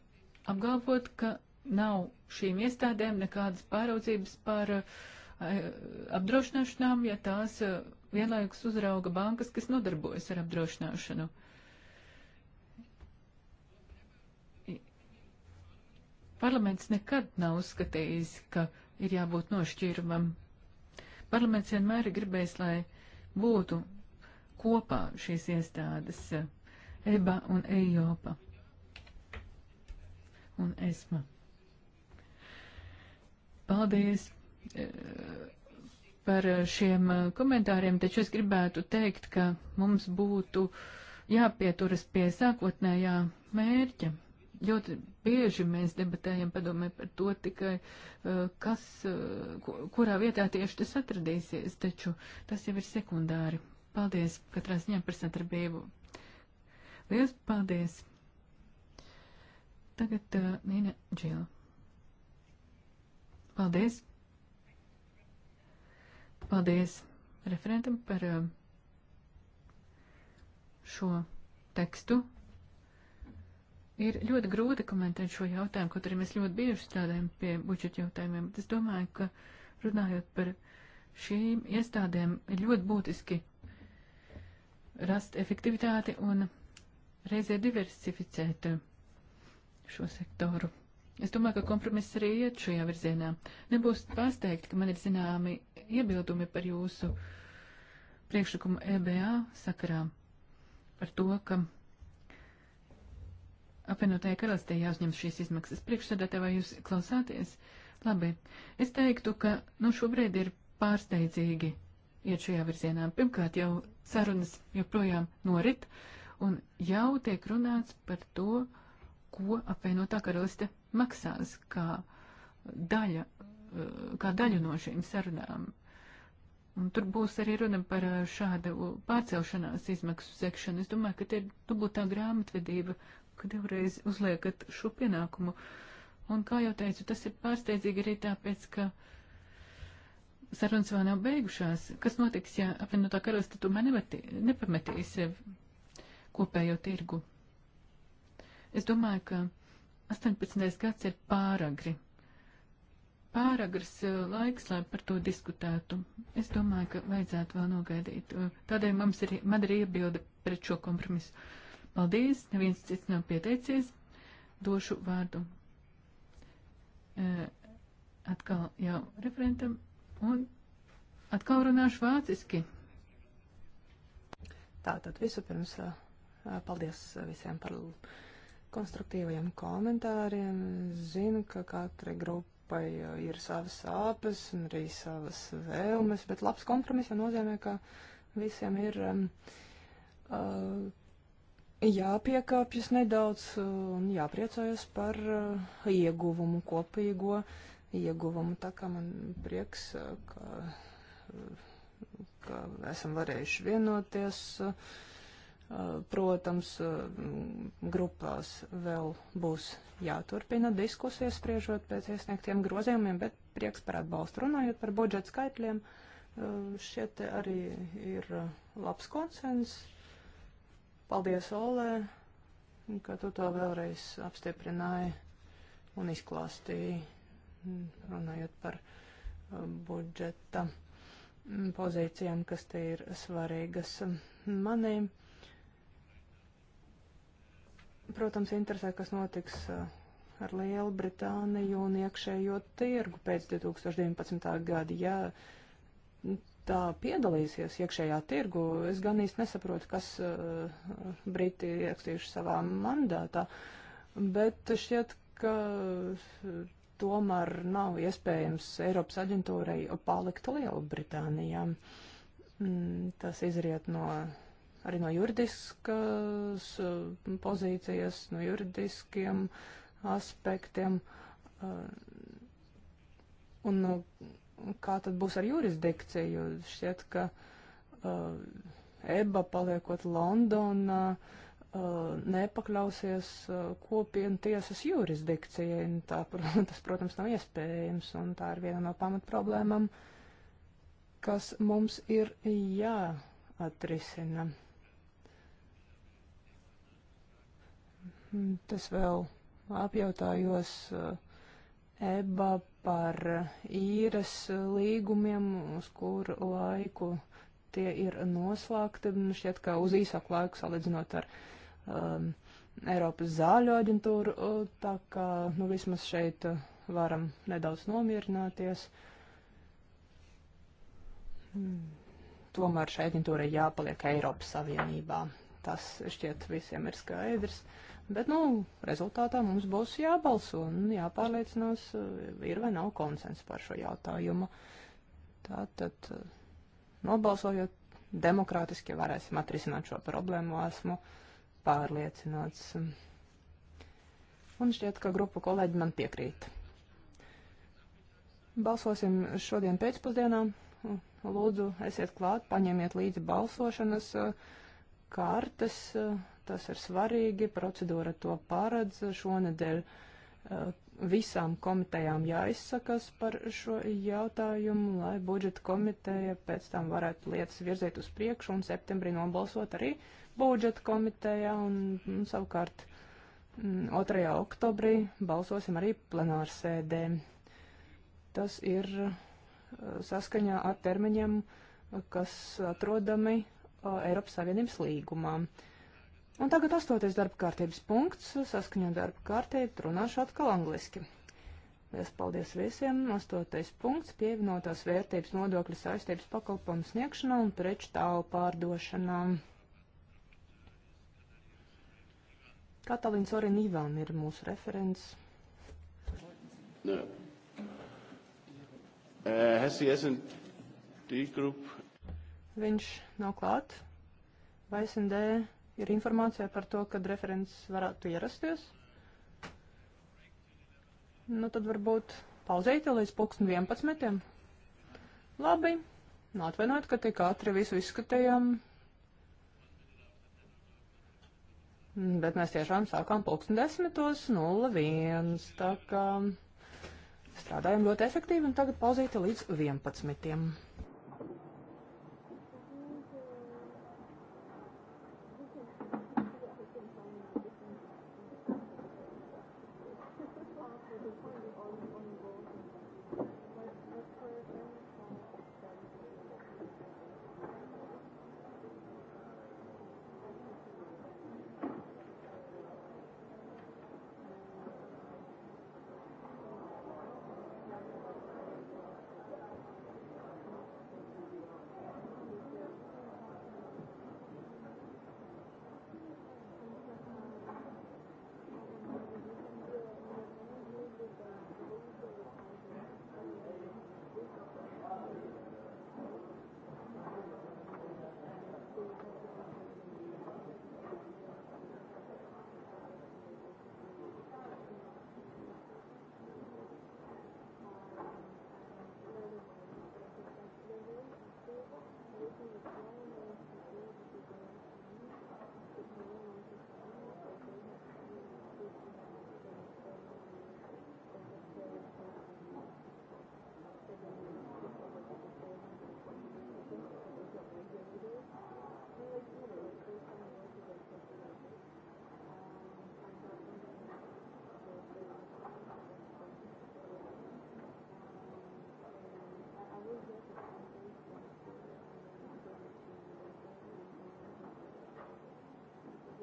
apgalvot, ka nav šīm iestādēm nekādas pāraudzības par eh, apdrošināšanām, ja tās eh, vienlaikus uzrauga bankas, kas nodarbojas ar apdrošināšanu. Parlaments nekad nav uzskatījis, ka ir jābūt nošķīrumam. Parlaments vienmēr ir gribējis, lai būtu kopā šīs iestādes eh, EBA un EIOPA un ESMA. Paldies eh, par šiem eh, komentāriem, taču es gribētu teikt, ka mums būtu jāpieturas pie sākotnējā mērķa. Ļoti bieži mēs debatējam padomē par to tikai, eh, kas, kurā vietā tieši tas atradīsies, taču tas jau ir sekundāri. Paldies katrā ziņā par sadarbību. Lielas paldies! Tagad uh, Nīna Džila. Paldies! Paldies referentam par uh, šo tekstu. Ir ļoti grūti komentēt šo jautājumu, kaut arī mēs ļoti bieži strādājam pie budžeta jautājumiem, bet es domāju, ka runājot par šīm iestādēm, ir ļoti būtiski rast efektivitāti un reizē diversificēt uh, šo sektoru. Es domāju, ka kompromiss arī iet šajā virzienā. Nebūs pārsteigti, ka man ir zināmi iebildumi par jūsu priekšlikumu EBA sakarā, par to, ka apvienotajā karalistē jāuzņem šīs izmaksas. Priekšsēdētāji, vai jūs klausāties? Labi. Es teiktu, ka nu šobrīd ir pārsteidzīgi iet šajā virzienā. Pirmkārt, jau sarunas joprojām norit, un jau tiek runāts par to, uh, ko apvienotā karaliste maksās kā daļa, eh, kā daļu no šīm sarunām. Un tur būs arī runa par eh, šādu pārcelšanās izmaksu sekšanu. Es domāju, ka te ir nu, dubultā grāmatvedība, ka divreiz uzliekat šo pienākumu. Un, kā jau teicu, tas ir pārsteidzīgi arī tāpēc, ka sarunas vēl nav beigušās. Kas notiks, ja apvienotā karaliste tomēr nepametīs kopējo tirgu? Es domāju, ka 18. gads ir pāragri. Pāragrs eh, laiks, lai par to diskutētu. Es domāju, ka vajadzētu vēl nogaidīt. Eh, tādēļ mums ir, man ir iebilde pret šo kompromisu. Paldies, neviens cits nav pieteicies. Došu vārdu eh, atkal jau referentam un atkal runāšu vāciski. Tātad visu pirms paldies visiem par konstruktīvajiem komentāriem. Zinu, ka katrai grupai uh, ir savas sāpes un arī savas vēlmes, bet labs kompromiss jau nozīmē, ka visiem ir um, uh, jāpiekāpjas nedaudz uh, un jāpriecājas par uh, ieguvumu, kopīgo ieguvumu. Tā kā man prieks, uh, ka, ka esam varējuši vienoties. Uh, Eh, protams, eh, grupās vēl būs jāturpina diskusijas, spriežot pēc iesniegtiem grozījumiem, bet prieks par atbalstu. Runājot par budžeta skaitļiem, eh, šeit arī ir labs konsens. Paldies, Olē, ka tu to vēlreiz apstiprināji un izklāstīji, mm, runājot par budžeta mm, pozīcijām, kas te ir svarīgas mm, manīm protams, interesē, kas notiks uh, ar Lielbritāniju un iekšējo tirgu pēc 2019. gada. Ja tā piedalīsies iekšējā tirgu, es gan īsti nesaprotu, kas uh, Briti ierakstījuši savā mandātā, bet šķiet, ka uh, tomēr nav iespējams Eiropas aģentūrai palikt Lielbritānijā. Mm, tas izriet no arī no juridiskas eh, pozīcijas, no juridiskiem aspektiem. Eh, un kā tad būs ar jurisdikciju? Šķiet, ka eh, EBA paliekot Londonā nepakļausies kopienu tiesas jurisdikcijai. Tā, tas, protams, nav iespējams, un tā ir viena no pamatproblēmām, kas mums ir jāatrisina. Mm, tas vēl apjautājos eh, EBA par eh, īres eh, līgumiem, uz kuru laiku tie ir noslēgti. Nu, šķiet, ka uz īsāku laiku salīdzinot ar um, Eiropas zāļu aģentūru, tā kā nu, vismaz šeit varam nedaudz nomierināties. Mm, tomēr šai aģentūrai jāpaliek Eiropas Savienībā. Tas šķiet visiem ir skaidrs. Uh, Bet, nu, rezultātā mums būs jābalso un jāpārliecinās, eh, ir vai nav konsens par šo jautājumu. Tātad, eh, nobalsojot demokrātiski, varēsim atrisināt šo problēmu, esmu pārliecināts. Un šķiet, ka grupu kolēģi man piekrīt. Balsosim šodien pēcpusdienā. Lūdzu, esiet klāt, paņemiet līdzi balsošanas eh, kartes. Tas ir svarīgi, procedūra to paredz šonadēļ. Uh, visām komitejām jāizsakas par šo jautājumu, lai budžeta komiteja pēc tam varētu lietas virzīt uz priekšu un septembrī nobalsot arī budžeta komitejā un, un savukārt 2. Mm, oktobrī balsosim arī plenārsēdē. Tas ir uh, saskaņā ar termiņiem, kas atrodami uh, Eiropas Savienības līgumā. Uh, Un tagad astoties darba kārtības punkts, saskaņo darba kārtību, runāšu atkal angliski. Lies paldies visiem. Astotais punkts - pievienotās vērtības nodokļa saistības pakalpojumu sniegšanā un preču tālu pārdošanā. Katalīns Orin Ivan ir mūsu referents. No. Uh, Viņš nav klāt. Vai SND Ir informācija par to, kad referents varētu ierasties. Nu, tad varbūt pauzējiet līdz pulksten 11. Labi, nu atvainojiet, ka tik ātri visu izskatījām. Bet mēs tiešām sākām pulksten desmitos, 01. Tā kā strādājam ļoti efektīvi un tagad pauzējiet līdz 11.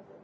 Thank you.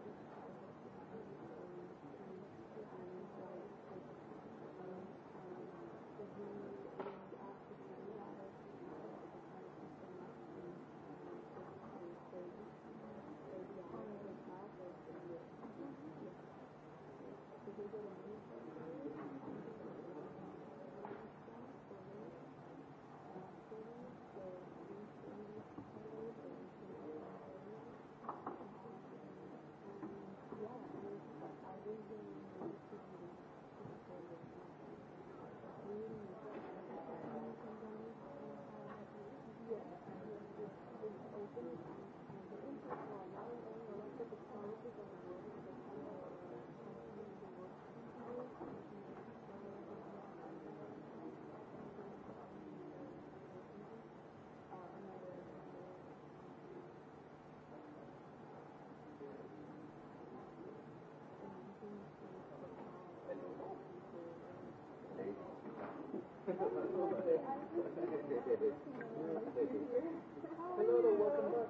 Hello, welcome back.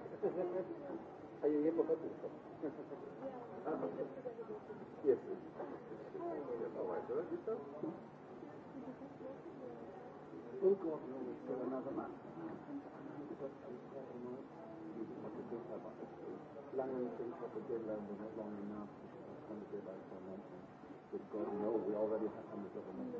Are you here for coffee? ah, okay. Yes. All right, sir. Good stuff. Oh, God, no, we've got another man. Langen thinks of a deadline, but not long enough. It's going to be like one month. Good God, no, we already have some of the government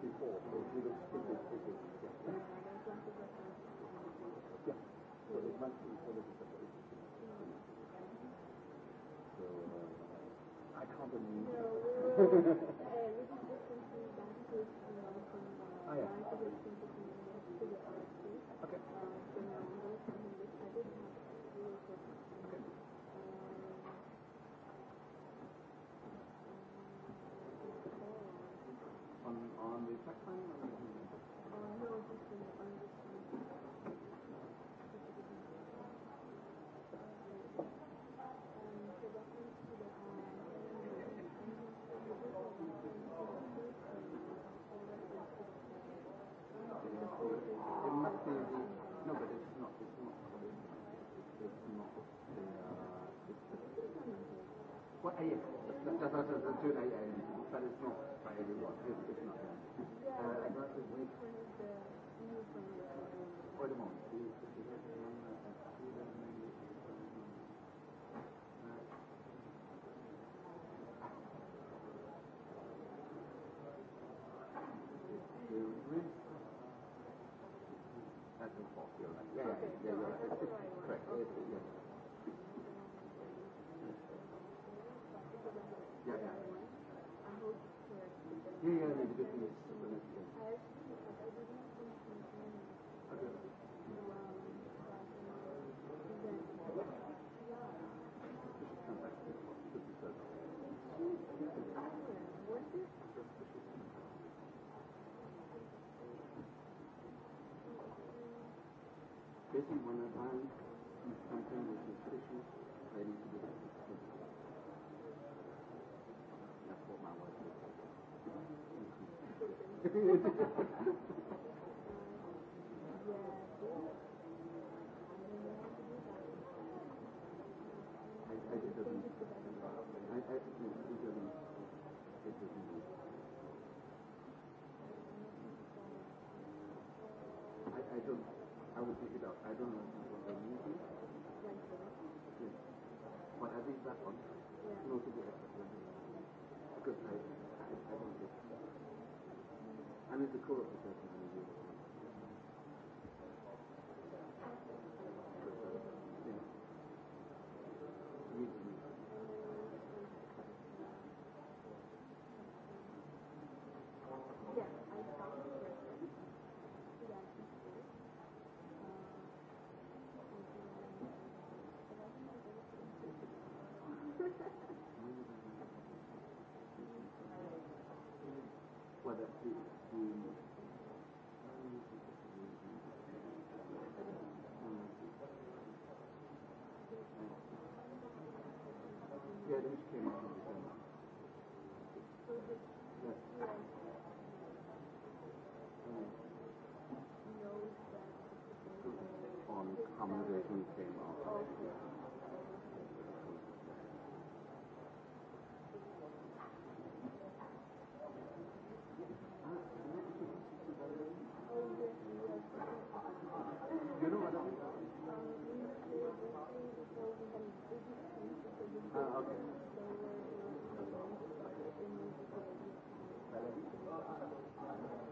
before, so you look stupid. on the fact finding or not? Uh, no, just on the It must be the, no, but it's not, it's not, it's not the, uh, it's the, well, yes, that, that, that, that's true, I, I, but it's not by everyone, it's, it's not. Yeah. Uh, I got the wait. Which one is the new from the... Wait a moment. Anne de Kovac. accommodation came out. Okay. You know what? Ah, okay. Thank you.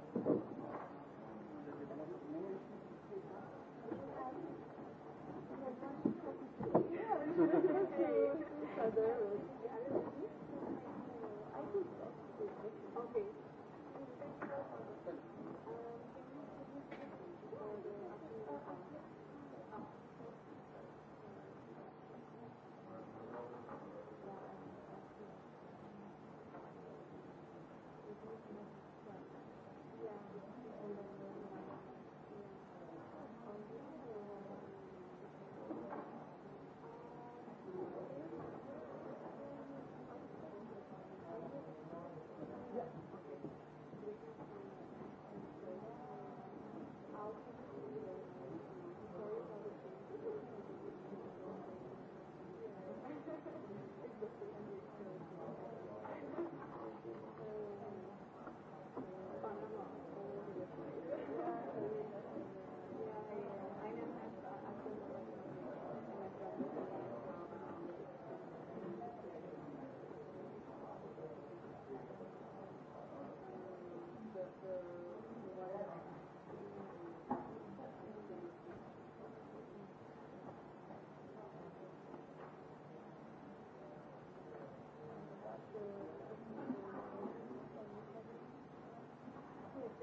other roads. I think Okay. Um,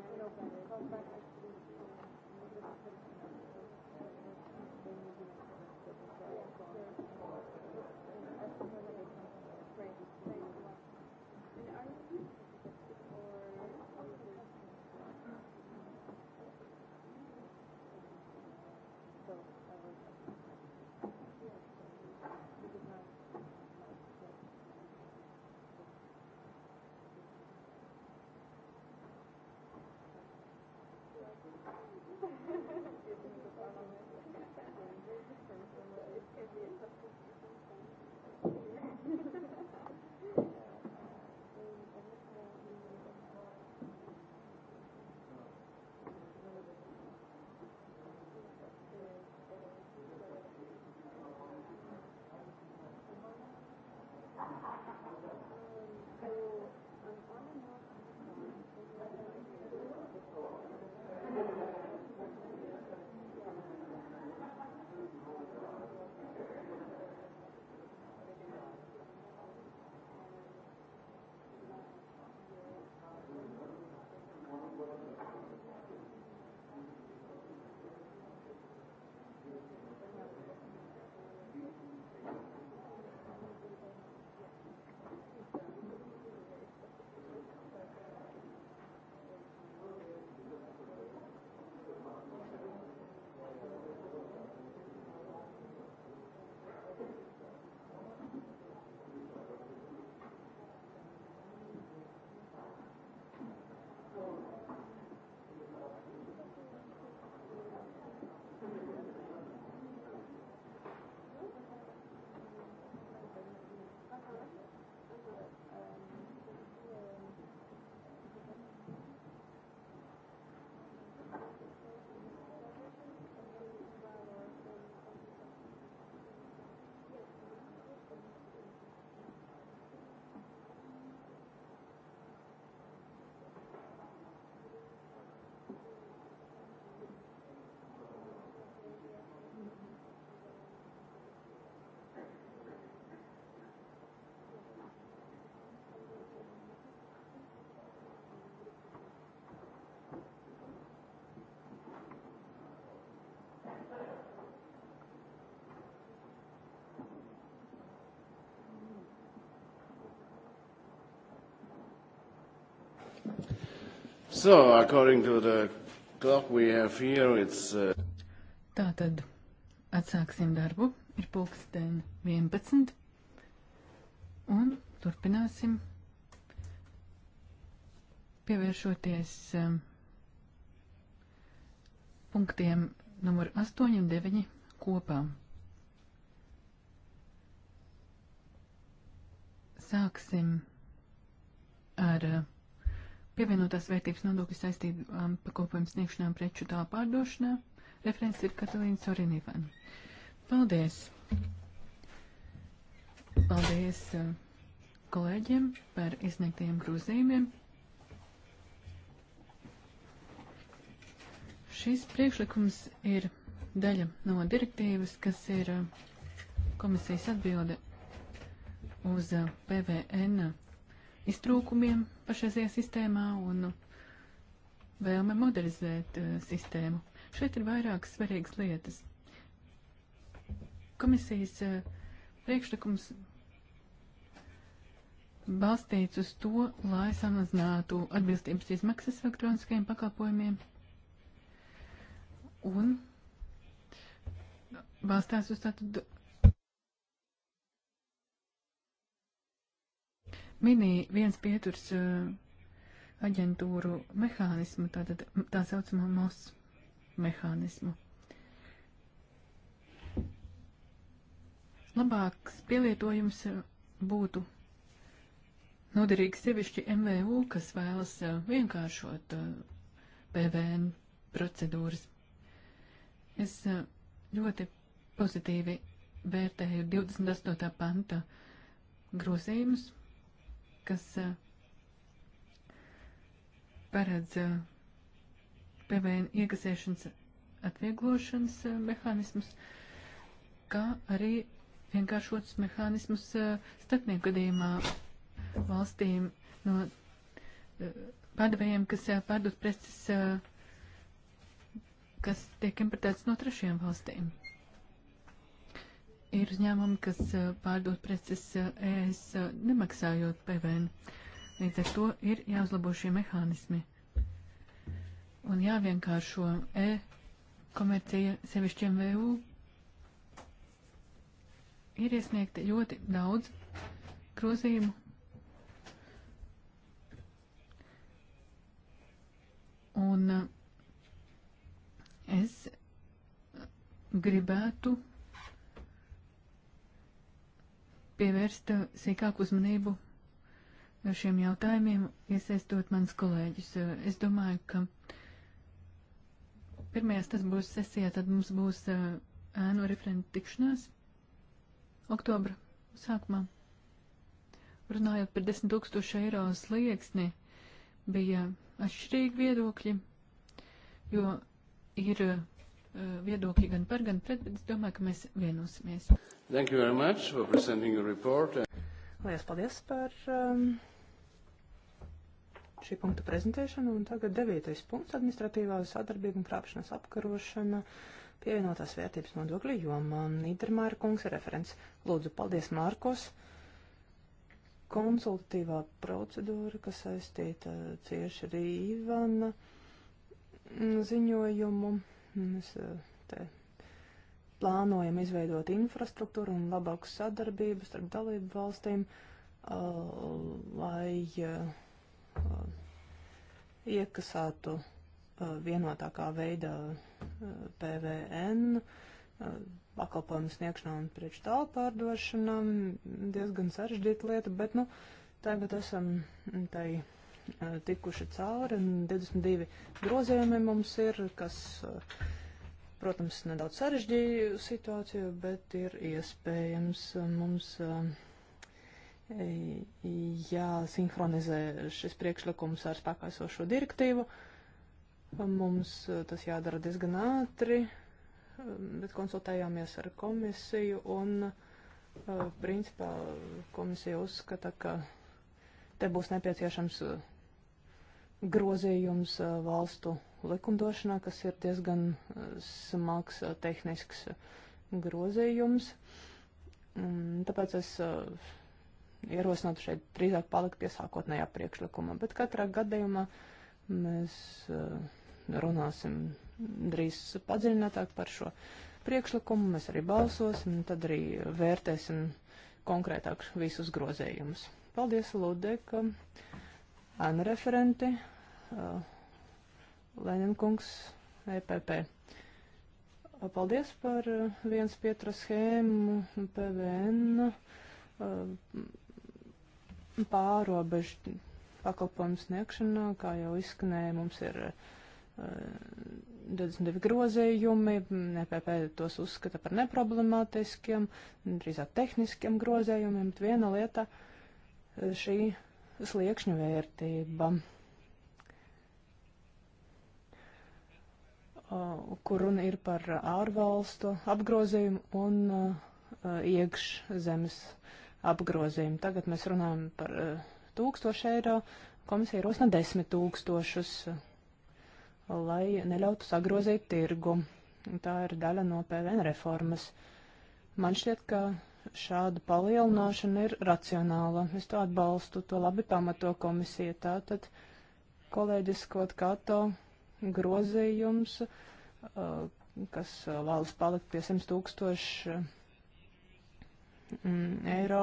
you know, contract So, according to the clock we have here, it's... Uh... Tātad, atsāksim darbu. Ir pulksten 11. Un turpināsim pievēršoties um, punktiem numur 8 un 9 kopā. Sāksim ar uh, pievienotās vērtības nodokļu saistībām um, pakalpojumu sniegšanām preču tālā pārdošanā. Referents ir Katalīna Sorinīvana. Paldies! Paldies uh, kolēģiem par izniegtajiem grozījumiem. Šis priekšlikums ir daļa no direktīvas, kas ir uh, komisijas atbilde uz uh, PVN iztrūkumiem pašreizajā sistēmā un vēlme modernizēt uh, sistēmu. Šeit ir vairākas svarīgas lietas. Komisijas uh, priekšlikums balstīts uz to, lai samazinātu atbilstības izmaksas elektroniskajiem pakalpojumiem un balstās uz tātad minēja viens pieturs uh, aģentūru mehānismu, tātad tā saucamo MOS mehānismu. Labāks pielietojums uh, būtu noderīgs sevišķi MVU, kas vēlas uh, vienkāršot PVN procedūras. Es ļoti pozitīvi vērtēju 28. panta grozījumus kas paredz PVN iekasēšanas atvieglošanas mehānismus, kā arī vienkāršotus mehānismus starpnieku gadījumā valstīm no pārdevējiem, kas pārdod preces, kas tiek importētas no trešajām valstīm ir uzņēmumi, kas eh, pārdod preces eh, ES eh, nemaksājot PVN. Līdz ar to ir jāuzlabo šie mehānismi un jāvienkāršo e-komercija sevišķiem VU. Ir iesniegti ļoti daudz grozījumu. Un es gribētu pievērst uh, sīkāku uzmanību uh, šiem jautājumiem, iesaistot mans kolēģis. Uh, es domāju, ka pirmajās tas būs sesijā, tad mums būs ēnu referenta tikšanās oktobra sākumā. Runājot par 10 tūkstošu eiro slieksni, bija atšķirīgi viedokļi, jo ir Eh, viedokļi gan par, gan pret, bet es domāju, ka mēs vienosimies. Thank you very much for presenting your report. Lielas paldies par um, šī punkta prezentēšanu. Un tagad devītais punkts - administratīvā sadarbība un krāpšanas apkarošana pievienotās vērtības nodokļa jomā. Nīdermāra kungs ir referents. Lūdzu, paldies, Mārkos konsultatīvā procedūra, kas saistīta cieši ar Īvana ziņojumu. Mēs eh, te plānojam izveidot infrastruktūru un labāku sadarbību starp dalību valstīm, eh, lai eh, iekasātu vienotākā veidā PVN pakalpojumu sniegšanā un priekš tālu pārdošanā. Diezgan sarežģīta lieta, bet, nu, tagad esam tai Eh, tikuši cauri. 22 grozījumi mums ir, kas, eh, protams, nedaudz sarežģīja situāciju, bet ir iespējams eh, mums jāsinhronizē šis priekšlikums ar spēkā esošo direktīvu. Mums tas jādara diezgan ātri, bet konsultējāmies ar komisiju un, principā, komisija uzskata, ka te būs nepieciešams grozījums valstu likumdošanā, kas ir diezgan smags tehnisks grozījums. Tāpēc es ierosinātu šeit drīzāk palikt pie sākotnējā priekšlikuma. Bet katrā gadījumā mēs runāsim drīz padziļinātāk par šo priekšlikumu. Mēs arī balsosim, tad arī vērtēsim konkrētāk visus grozījumus. Paldies, Ludeka, Anna referenti. Uh, Lenenkungs, EPP. Uh, paldies par uh, viens pietra schēmu PVN pārobežu pakalpojumu sniegšanā, kā jau izskanēja, mums ir 22 grozījumi, EPP tos uzskata par neproblemātiskiem, drīzāk tehniskiem grozījumiem, bet viena lieta šī sliekšņu vērtība. Uh, kur runa ir par ārvalstu apgrozījumu un uh, uh, iekšzemes apgrozījumu. Tagad mēs runājam par tūkstošu eiro, komisija rosina desmit tūkstošus, lai neļautu sagrozīt tirgu. Tā ir daļa no PVN reformas. Man šķiet, ka šāda palielināšana ir racionāla. Es to atbalstu, to labi pamato komisija. Tātad kolēģis Kvot Kato grozījums, kas vēlas palikt pie 100 tūkstoši mm, eiro,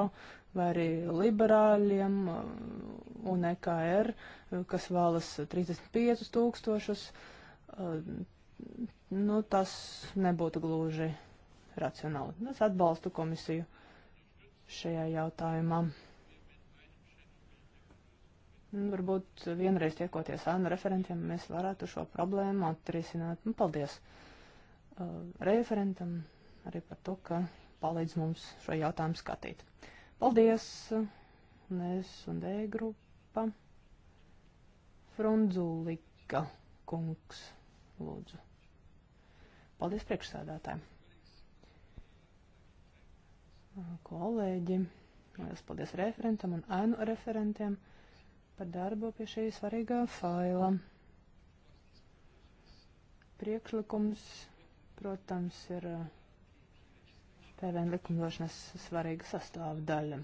vai arī liberāļiem un EKR, kas vēlas 35 tūkstošus. Nu, tas nebūtu gluži racionāli. Es atbalstu komisiju šajā jautājumā. Varbūt vienreiz tiekoties ānu referentiem, mēs varētu šo problēmu atrisināt. Un nu, paldies uh, referentam arī par to, ka palīdz mums šo jautājumu skatīt. Paldies! Nes un D grupa. Frunzulika kungs, lūdzu. Paldies priekšsēdētājiem. Kolēģi, paldies referentam un ainu referentiem par darbu pie šī svarīgā faila. Priekšlikums, protams, ir eh, PVN likumdošanas svarīga sastāvdaļa.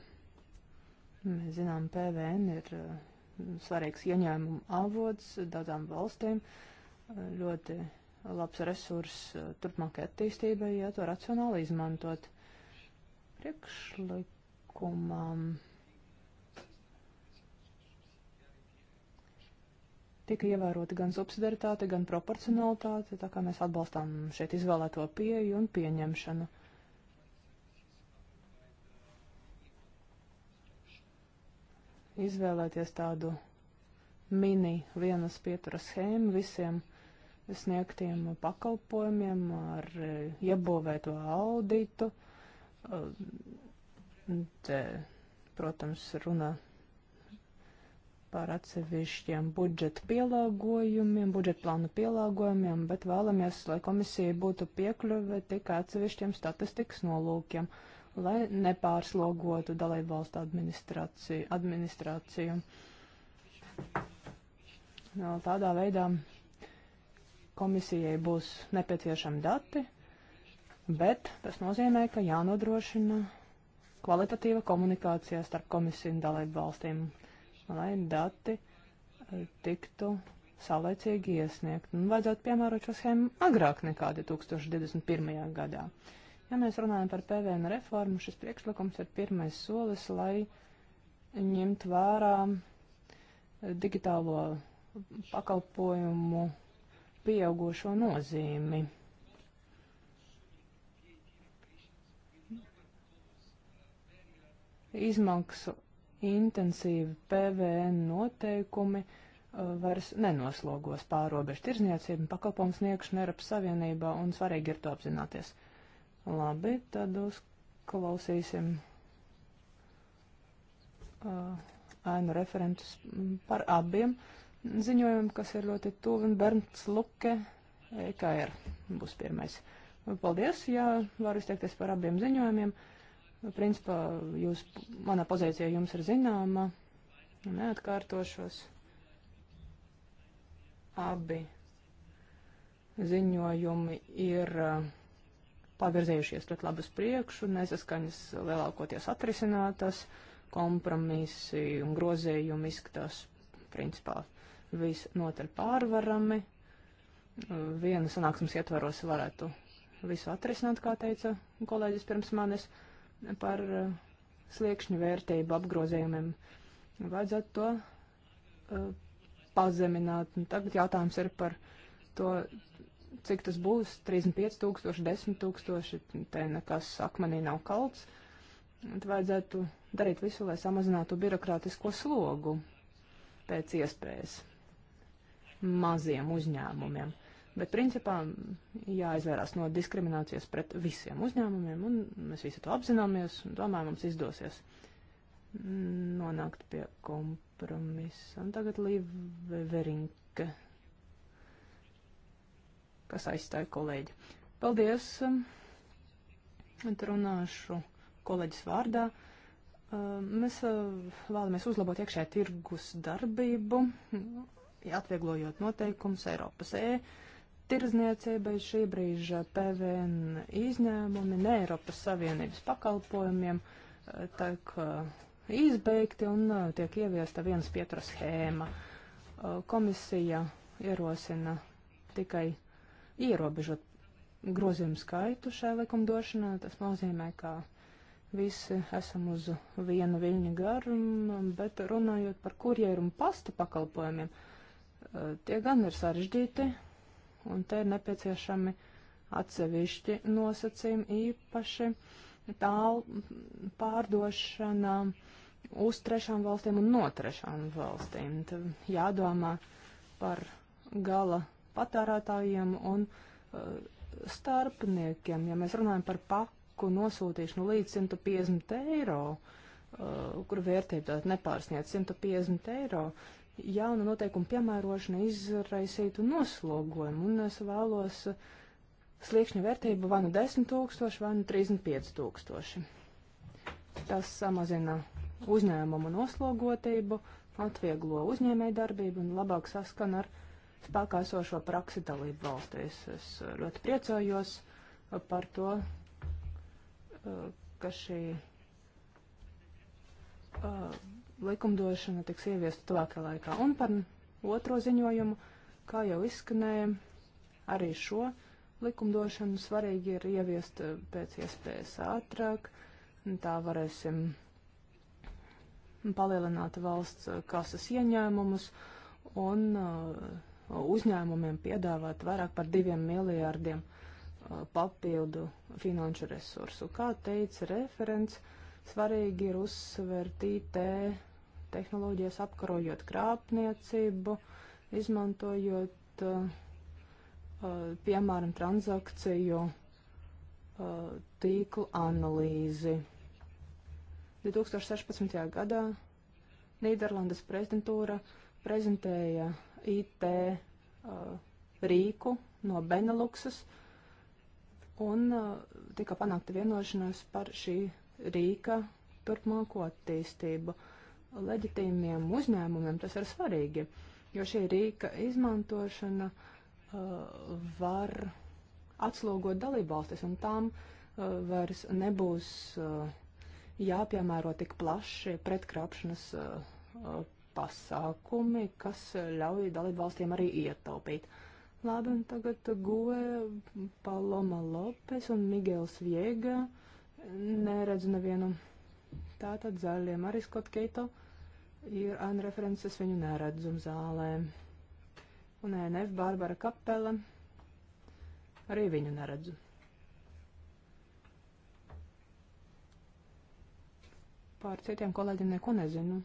Mēs zinām, PVN ir eh, svarīgs ieņēmumu avots daudzām valstīm, ļoti labs resurs eh, turpmākai attīstībai, ja to racionāli izmantot. Priekšlikumam tika ievēroti gan subsidiaritāte, gan proporcionalitāte, tā kā mēs atbalstām šeit izvēlēto pieeju un pieņemšanu. Izvēlēties tādu mini vienas pieturas schēmu visiem sniegtiem pakalpojumiem ar e, iebūvēto auditu. E, te, protams, runa par atsevišķiem budžeta pielāgojumiem, budžeta plānu pielāgojumiem, bet vēlamies, lai komisija būtu piekļuve tikai atsevišķiem statistikas nolūkiem, lai nepārslogotu dalību valstu administrāciju. administrāciju. No, tādā veidā komisijai būs nepieciešami dati, bet tas nozīmē, ka jānodrošina kvalitatīva komunikācija starp komisiju un dalību valstīm lai dati eh, tiktu saulēcīgi iesniegt. Un vajadzētu piemērot šo schēmu agrāk nekā 2021. gadā. Ja mēs runājam par PVN reformu, šis priekšlikums ir pirmais solis, lai ņemt vērā eh, digitālo pakalpojumu pieaugušo nozīmi. Izmaksu intensīvi PVN noteikumi uh, vairs nenoslogos pārobežu tirzniecību un pakalpojumu sniegšanu Eiropas Savienībā, un svarīgi ir to apzināties. Labi, tad uzklausīsim uh, ainu referentus par abiem ziņojumiem, kas ir ļoti tuvi, un Bernts Luke, EKR, būs pirmais. Paldies, jā, varu izteikties par abiem ziņojumiem. Uh, Principā jūs, manā pozīcija jums ir zināma, neatkārtošos. Abi ziņojumi ir uh, pavirzējušies ļoti labi uz priekšu, nesaskaņas lielākoties atrisinātas, kompromisi un grozējumi izskatās principā visnotaļ pārvarami. Viena sanāksmes ietvaros varētu visu atrisināt, kā teica kolēģis pirms manis. Uh, par uh, sliekšņu vērtību apgrozījumiem. Vajadzētu to uh, pazemināt. Un tagad jautājums ir par to, cik tas būs - 35 tūkstoši, 10 tūkstoši, te nekas akmenī nav kalts. Un vajadzētu darīt visu, lai samazinātu birokrātisko slogu pēc iespējas maziem uzņēmumiem. Bet principā jāizvērās no diskriminācijas pret visiem uzņēmumiem, un mēs visi to apzināmies, un domāju, mums izdosies nonākt pie kompromisa. Un tagad Līve Verinke, kas aizstāja kolēģi. Paldies! Un runāšu kolēģis vārdā. Mēs uh, vēlamies uzlabot iekšē tirgus darbību, atvieglojot noteikumus Eiropas E tirzniecībai šī brīža PVN izņēmumi ne Eiropas Savienības pakalpojumiem eh, tiek eh, izbeigti un eh, tiek ieviesta viens pietura schēma. Komisija ierosina tikai ierobežot grozījumu skaitu šai likumdošanā. Tas nozīmē, ka visi esam uz viena viļņa garuma, bet runājot par kurjeru un pasta pakalpojumiem, tie gan ir sarežģīti un te ir nepieciešami atsevišķi nosacījumi īpaši tālu pārdošana uz trešām valstīm un no trešām valstīm. Tad jādomā par gala patērētājiem un uh, starpniekiem. Ja mēs runājam par paku nosūtīšanu līdz 150 eiro, uh, kur vērtība tāda nepārsniec 150 eiro, jauna noteikuma piemērošana izraisītu noslogojumu, un es vēlos sliekšņa vērtību vanu 10 tūkstoši, vanu 35 tūkstoši. Tas samazina uzņēmumu noslogotību, atvieglo uzņēmēju darbību un labāk saskan ar spēkā esošo praksi dalību valstīs. Es ļoti priecājos par to, eh, ka šī eh, likumdošana tiks ieviesta tuvākajā laikā. Un par otro ziņojumu, kā jau izskanēja, arī šo likumdošanu svarīgi ir ieviest pēc iespējas ātrāk. Tā varēsim palielināt valsts kasas ieņēmumus un uh, uzņēmumiem piedāvāt vairāk par diviem miljārdiem uh, papildu finanšu resursu. Kā teica referents, uh, Svarīgi ir uzsvērt IT tehnoloģijas, apkarojot krāpniecību, izmantojot, uh, uh, piemēram, transakciju uh, tīklu analīzi. 2016. gadā Nīderlandes prezidentūra prezentēja IT rīku no Beneluksas un tika panākta vienošanās par šī rīka turpmāko attīstību. Leģitīmiem uzņēmumiem tas ir svarīgi, jo šī rīka izmantošana uh, var atslūgot dalībvalstis, un tām uh, vairs nebūs uh, jāpiemēro tik plaši pretkrāpšanas uh, uh, pasākumi, kas ļauj dalībvalstīm arī ietaupīt. Labi, un tagad goja Paloma Lopes un Migels Viega. Uh, Neredzu nevienu. Tātad zaļie Maris Kotkeito ir anreferences, viņu neredzu zālē. Un ENF Bārbara Kapela arī viņu neredzu. Pār citiem kolēģiem neko nezinu.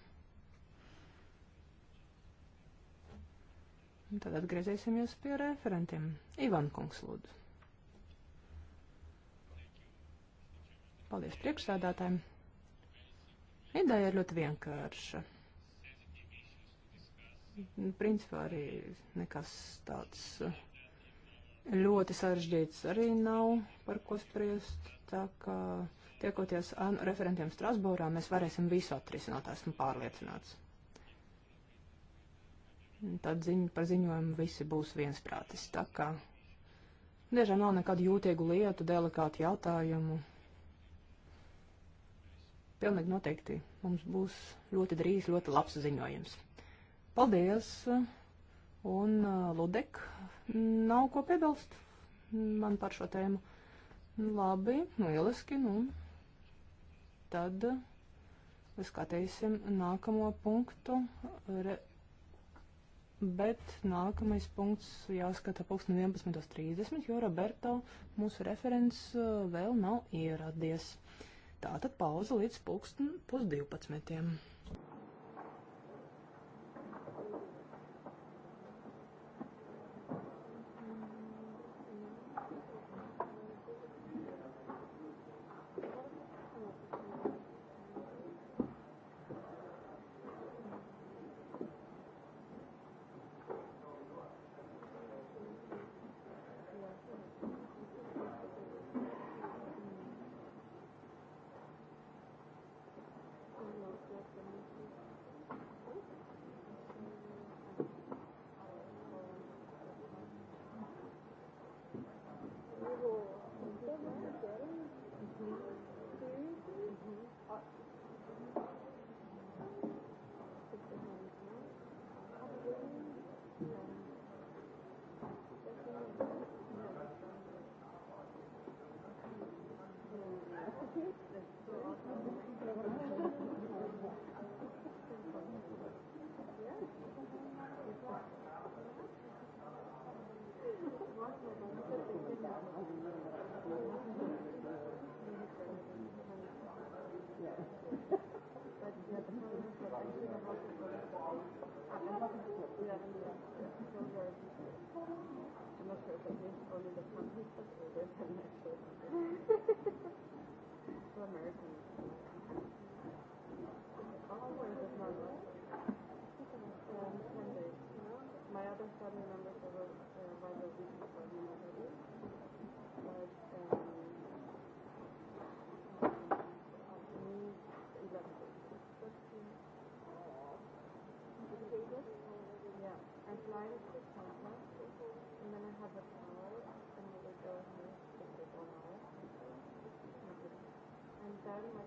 Un tad atgriezīsimies pie referentiem. Ivan Kungs, lūdzu. Paldies priekšsēdētājiem. Ideja ir ļoti vienkārša. Principā arī nekas tāds eh, ļoti sarežģīts arī nav, par ko spriest. Tā kā tiekoties ar referentiem Strasbūrā, mēs varēsim visu atrisināt, esmu pārliecināts. Tad ziņ, par ziņojumu visi būs viensprātis. Tā kā Dažām nav nekādu jūtīgu lietu, delikātu jautājumu. Pilnīgi noteikti mums būs ļoti drīz ļoti labs ziņojums. Paldies! Un uh, Ludek, nav ko piebilst man par šo tēmu. Labi, nu, lieliski, nu. Tad skatīsim nākamo punktu. Re, bet nākamais punkts jāskata pulksten 11.30, jo Roberto mūsu referents uh, vēl nav ieradies. Tātad pauze līdz pulksten pusdivpadsmitiem. Thank you. find the comma, and then I have the power, and it will go here, it will go now. And then my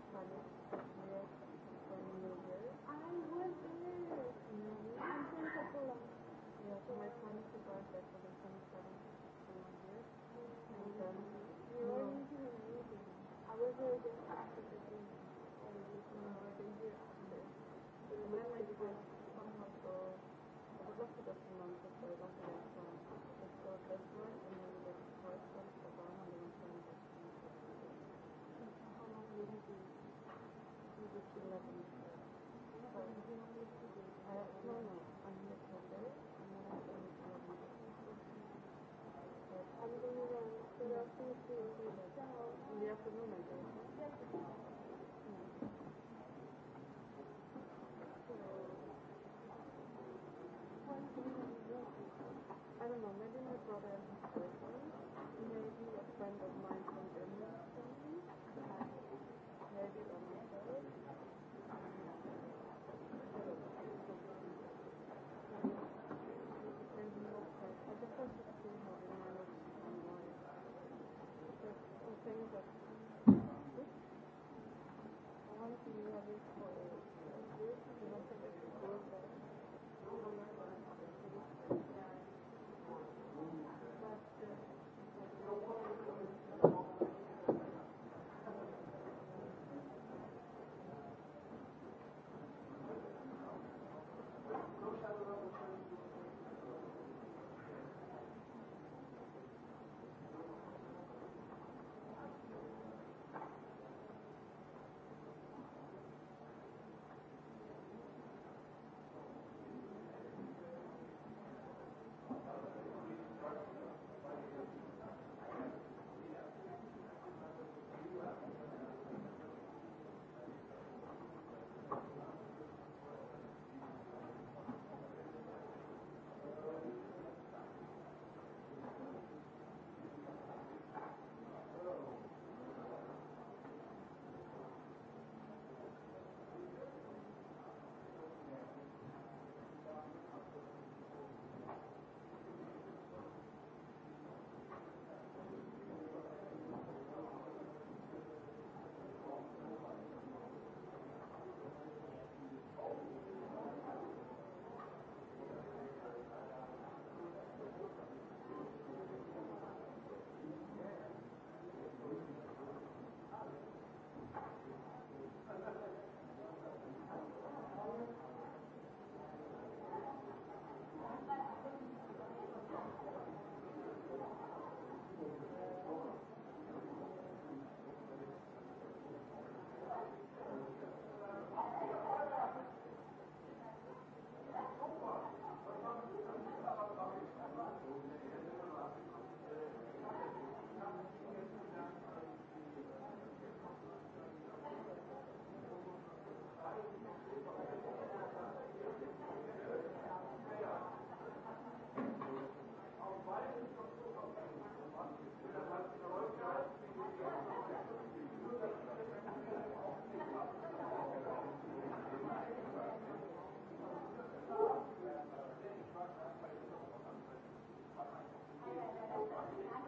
Thank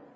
you.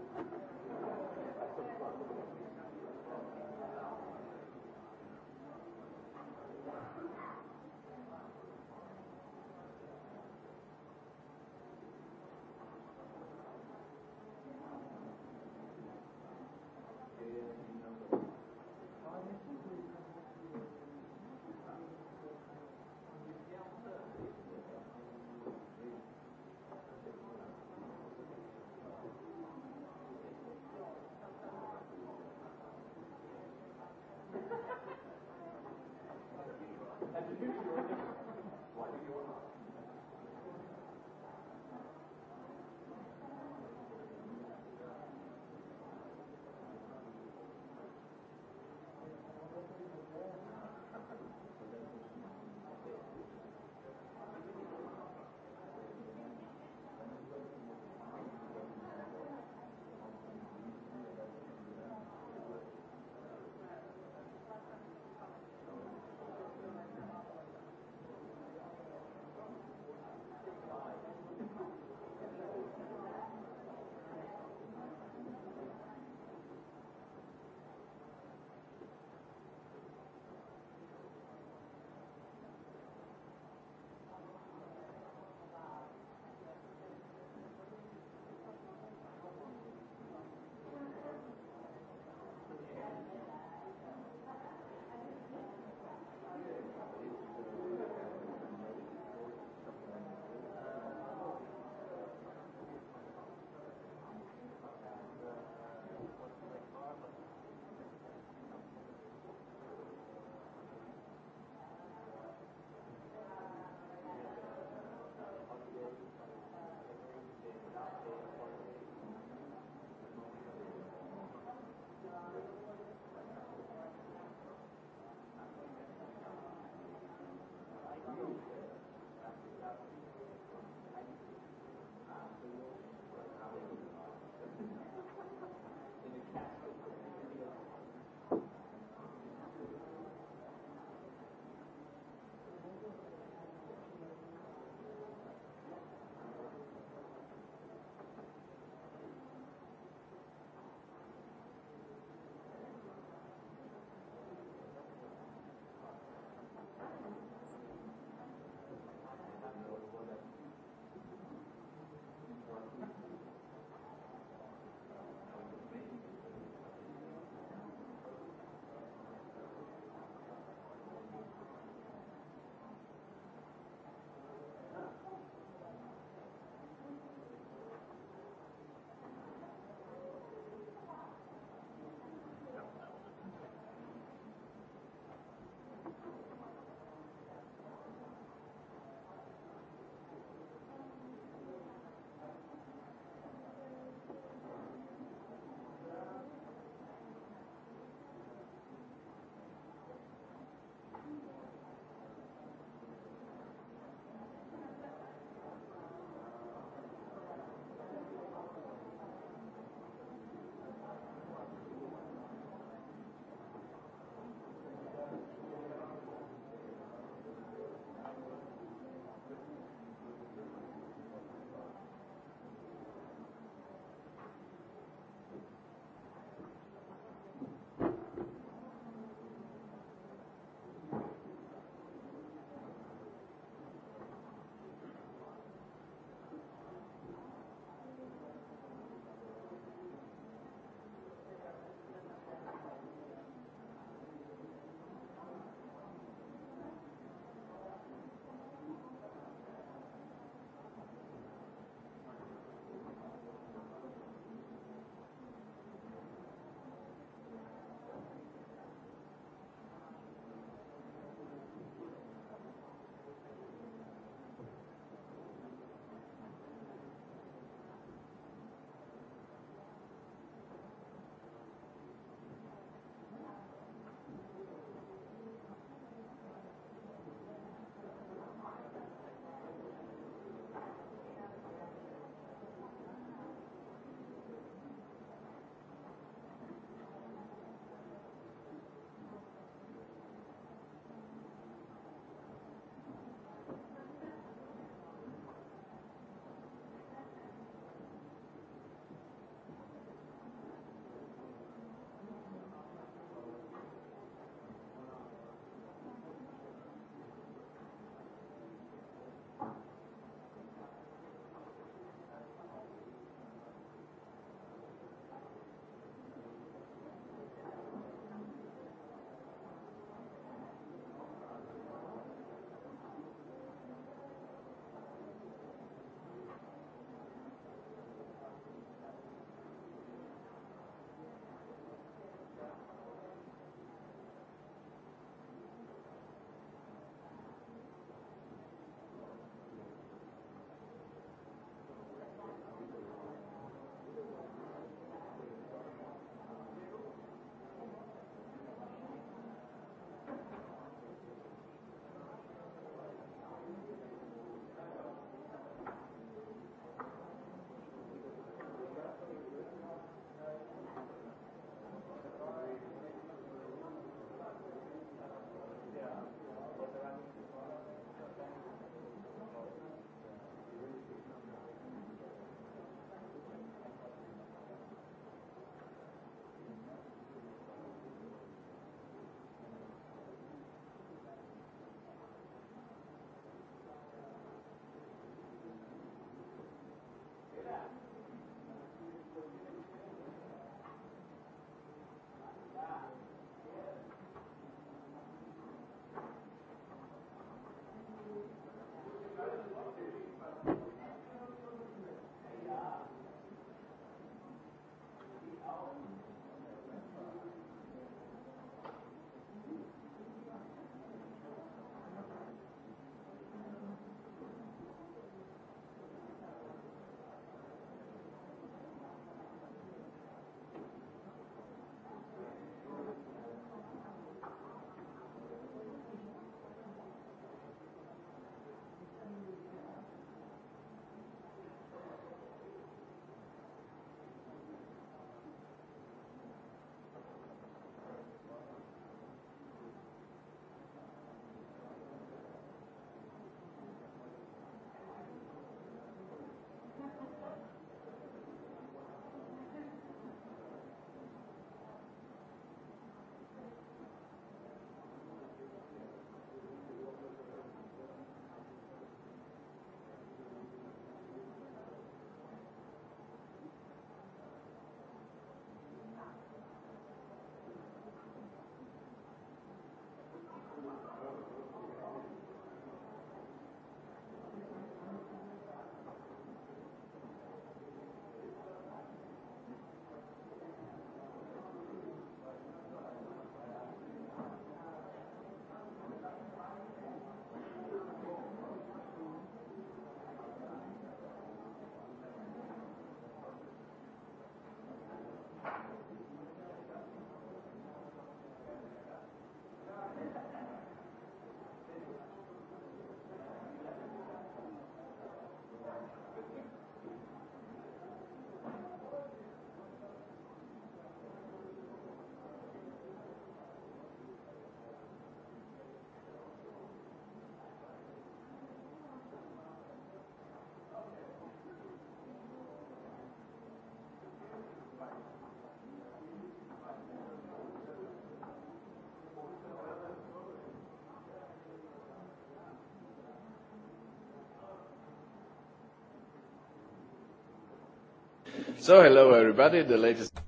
So, hello everybody, the latest.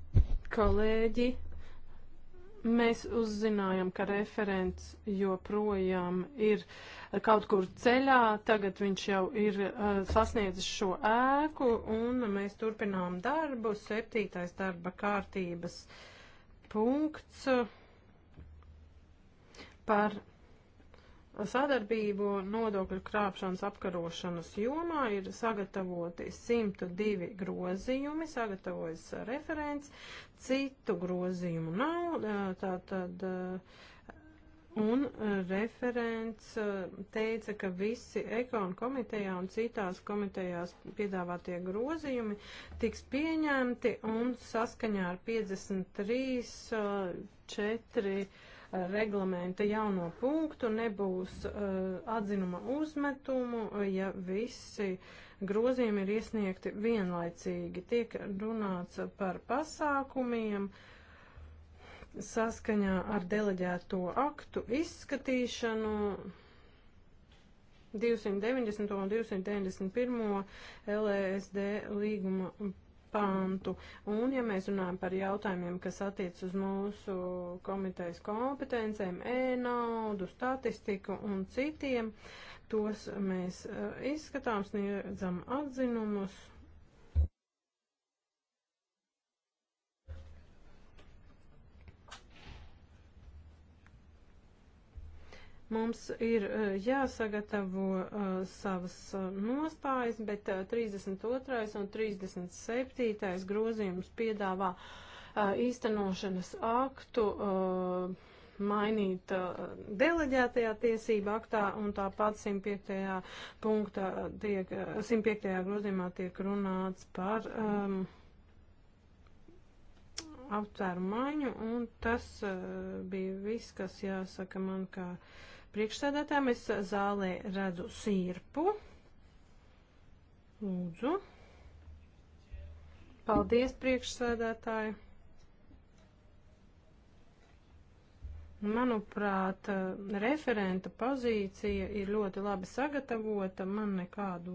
Kolēģi, mēs uzzinājām, ka referents joprojām ir kaut kur ceļā, tagad viņš jau ir uh, sasniedzis šo ēku un mēs turpinām darbu, septītais darba kārtības punkts par Sadarbību nodokļu krāpšanas apkarošanas jomā ir sagatavoti 102 grozījumi, sagatavojas referents, citu grozījumu nav, tātad, un referents teica, ka visi ekonu komitejā un citās komitejās piedāvātie grozījumi tiks pieņemti un saskaņā ar 53, 4, reglamenta jauno punktu, nebūs uh, atzinuma uzmetumu, ja visi grozījumi ir iesniegti vienlaicīgi. Tiek runāts par pasākumiem saskaņā ar deleģēto aktu izskatīšanu. 290. un 291. LSD e līguma pantu. Un, ja mēs runājam par jautājumiem, kas attiec uz mūsu komitejas kompetencēm, e-naudu, statistiku un citiem, tos mēs e, izskatām, sniedzam atzinumus Mums ir e, jāsagatavo uh, savas e, nostājas, bet uh, 32. un 37. grozījums piedāvā uh, īstenošanas aktu mainīt deleģētajā tiesība aktā un tāpat 105. punktā tiek, 105. grozījumā tiek runāts par um, aptvēru maiņu un tas uh, bija viss, kas jāsaka man kā. Ka priekšsēdētājiem. Es zālē redzu sirpu. Lūdzu. Paldies, priekšsēdētāji. Manuprāt, referenta pozīcija ir ļoti labi sagatavota. Man nekādu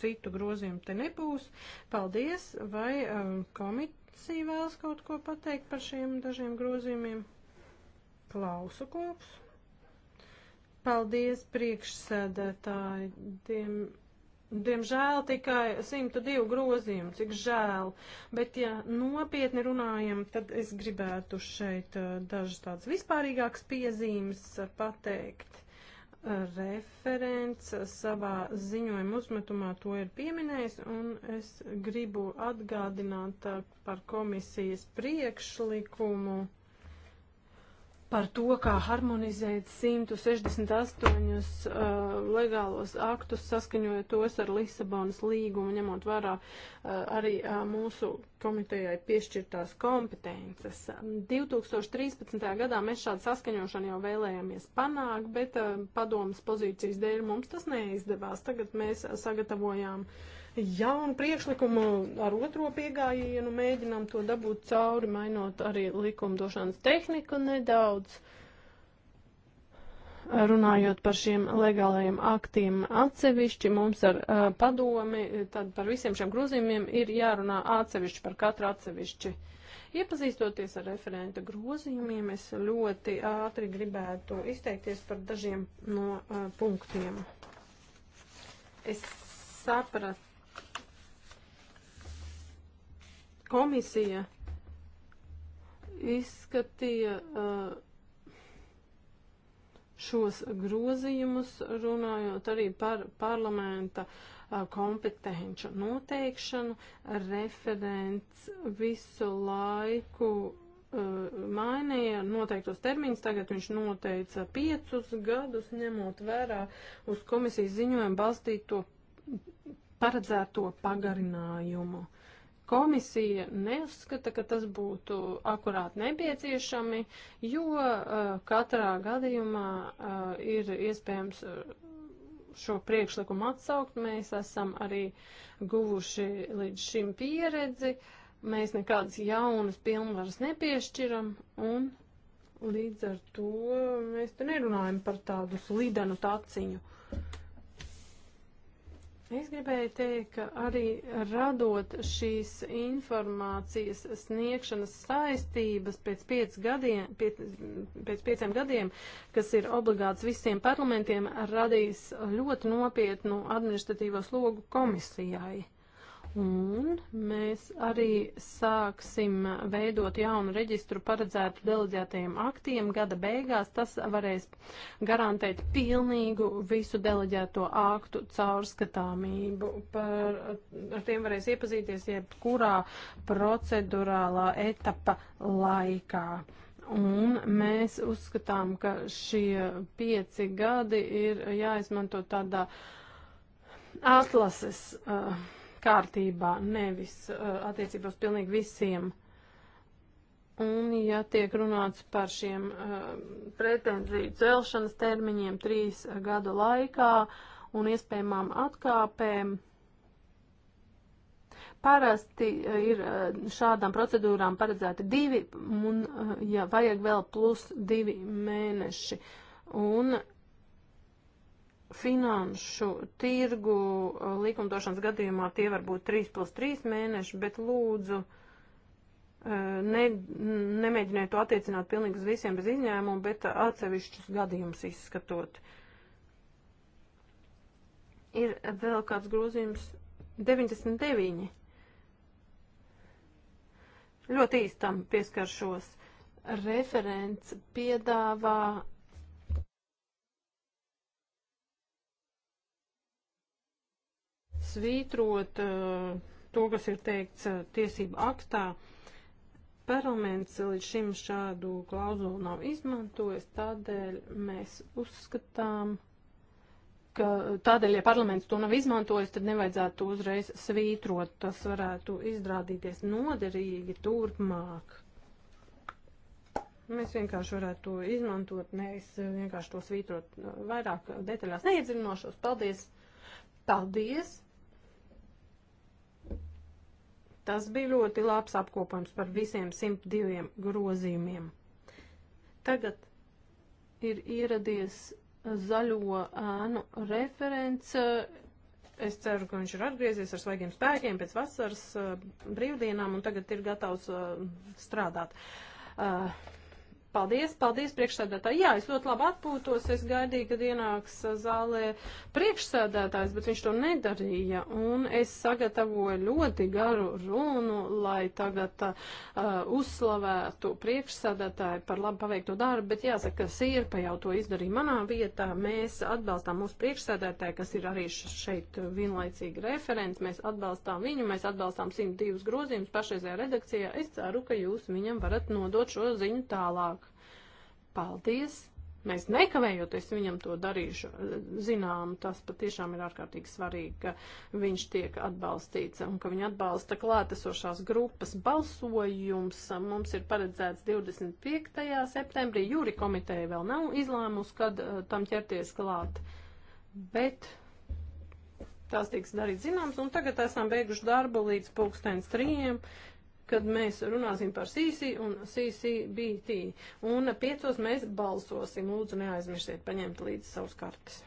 citu grozījumu te nebūs. Paldies! Vai um, komisija vēlas kaut ko pateikt par šiem dažiem grozījumiem? Klausu kops. Paldies, priekšsēdētāji. Diem, diemžēl tikai 102 grozījumi, cik žēl. Bet, ja nopietni runājam, tad es gribētu šeit eh, dažas tādas vispārīgākas piezīmes pateikt. Referents savā ziņojuma uzmetumā to ir pieminējis, un es gribu atgādināt eh, par komisijas priekšlikumu par to, kā harmonizēt 168 uh, legālos aktus, saskaņojot tos ar Lisabonas līgumu, ņemot vērā uh, arī uh, mūsu komitejai piešķirtās kompetences. 2013. gadā mēs šādu saskaņošanu jau vēlējāmies panākt, bet uh, padomas pozīcijas dēļ mums tas neizdevās. Tagad mēs sagatavojām uh, jaunu priekšlikumu ar otro piegājienu, mēģinām to dabūt cauri, mainot arī likumdošanas tehniku nedaudz. Runājot par šiem legālajiem aktiem atsevišķi, mums ar uh, padomi, tad par visiem šiem grozījumiem ir jārunā atsevišķi par katru atsevišķi. Iepazīstoties ar referenta grozījumiem, es ļoti ātri gribētu izteikties par dažiem no uh, punktiem. Es sapratu, komisija izskatīja uh, šos grozījumus, runājot arī par parlamenta uh, kompetenču noteikšanu. Referents visu laiku uh, mainīja noteiktos termiņus, tagad viņš noteica piecus gadus, ņemot vērā uz komisijas ziņojumu balstīto paredzēto pagarinājumu. Uh, Komisija neuzskata, ka tas būtu akurāt nepieciešami, jo uh, katrā gadījumā uh, ir iespējams eh, šo priekšlikumu atsaukt. Mēs esam arī guvuši līdz šim pieredzi, mēs nekādas jaunas pilnvaras nepiešķiram un līdz ar to mēs te nerunājam par tādu slidenu taciņu. Uh, Es gribēju teikt, ka arī radot šīs informācijas sniegšanas saistības pēc, piec gadiem, pēc, pēc pieciem gadiem, kas ir obligāts visiem parlamentiem, radīs ļoti nopietnu administratīvo slogu komisijai. Un mēs arī sāksim veidot jaunu reģistru paredzētu deleģētajiem aktiem. Gada beigās tas varēs garantēt pilnīgu visu deleģēto aktu caurskatāmību. Par, ar tiem varēs iepazīties jebkurā procedurālā etapa laikā. Un mēs uzskatām, ka šie pieci gadi ir jāizmanto tādā atlases. Uh, kārtībā, nevis uh, attiecībā uz pilnīgi visiem. Un, ja tiek runāts par šiem uh, pretenziju celšanas termiņiem trīs gadu laikā un iespējamām atkāpēm, parasti uh, ir uh, šādām procedūrām paredzēti divi, un, uh, ja vajag vēl plus divi mēneši. Un finanšu tirgu uh, likumdošanas gadījumā tie var būt 3 plus 3 mēneši, bet lūdzu uh, ne, nemēģiniet to attiecināt pilnīgi uz visiem bez izņēmumu, bet atsevišķus gadījumus izskatot. Ir vēl kāds grozījums 99. Ļoti īstam pieskaršos. Referents piedāvā svītrot eh, to, kas ir teikts eh, tiesību aktā. Parlaments līdz šim šādu klauzulu nav izmantojis, tādēļ mēs uzskatām, ka tādēļ, ja parlaments to nav izmantojis, tad nevajadzētu to uzreiz svītrot. Tas varētu izrādīties noderīgi turpmāk. Mēs vienkārši varētu to izmantot, nevis vienkārši to svītrot eh, vairāk detaļās neiedziļinošos. Paldies! Paldies! Tas bija ļoti labs apkopojums par visiem 102 grozījumiem. Tagad ir ieradies zaļo ēnu referents. Es ceru, ka viņš ir atgriezies ar svaigiem spēkiem pēc vasaras eh, brīvdienām un tagad ir gatavs eh, strādāt. Eh, Paldies, paldies priekšsēdētāji. Jā, es ļoti labi atpūtos. Es gaidīju, kad ienāks zālē priekšsēdētājs, bet viņš to nedarīja. Un es sagatavoju ļoti garu runu, lai tagad uh, uzslavētu priekšsēdētāju par labi paveikto darbu. Bet jāsaka, ka Sirpa jau to izdarīja manā vietā. Mēs atbalstām mūsu priekšsēdētāju, kas ir arī šeit vienlaicīgi referents. Mēs atbalstām viņu, mēs atbalstām 102 grozījumus pašreizējā redakcijā. Es ceru, ka jūs viņam varat nodot šo ziņu tālāk. Paldies! Mēs nekavējoties viņam to darīšu, zinām, tas patiešām ir ārkārtīgi svarīgi, ka viņš tiek atbalstīts un ka viņa atbalsta klātesošās grupas balsojums. Mums ir paredzēts 25. septembrī. Jūri komiteja vēl nav izlēmusi, kad eh, tam ķerties klāt, bet tās tiks darīt zināms, un tagad esam beiguši darbu līdz pulkstens trījiem kad mēs runāsim par CC un CCBT. Un piecos mēs balsosim. Lūdzu, neaizmirstiet paņemt līdzi savus kartes.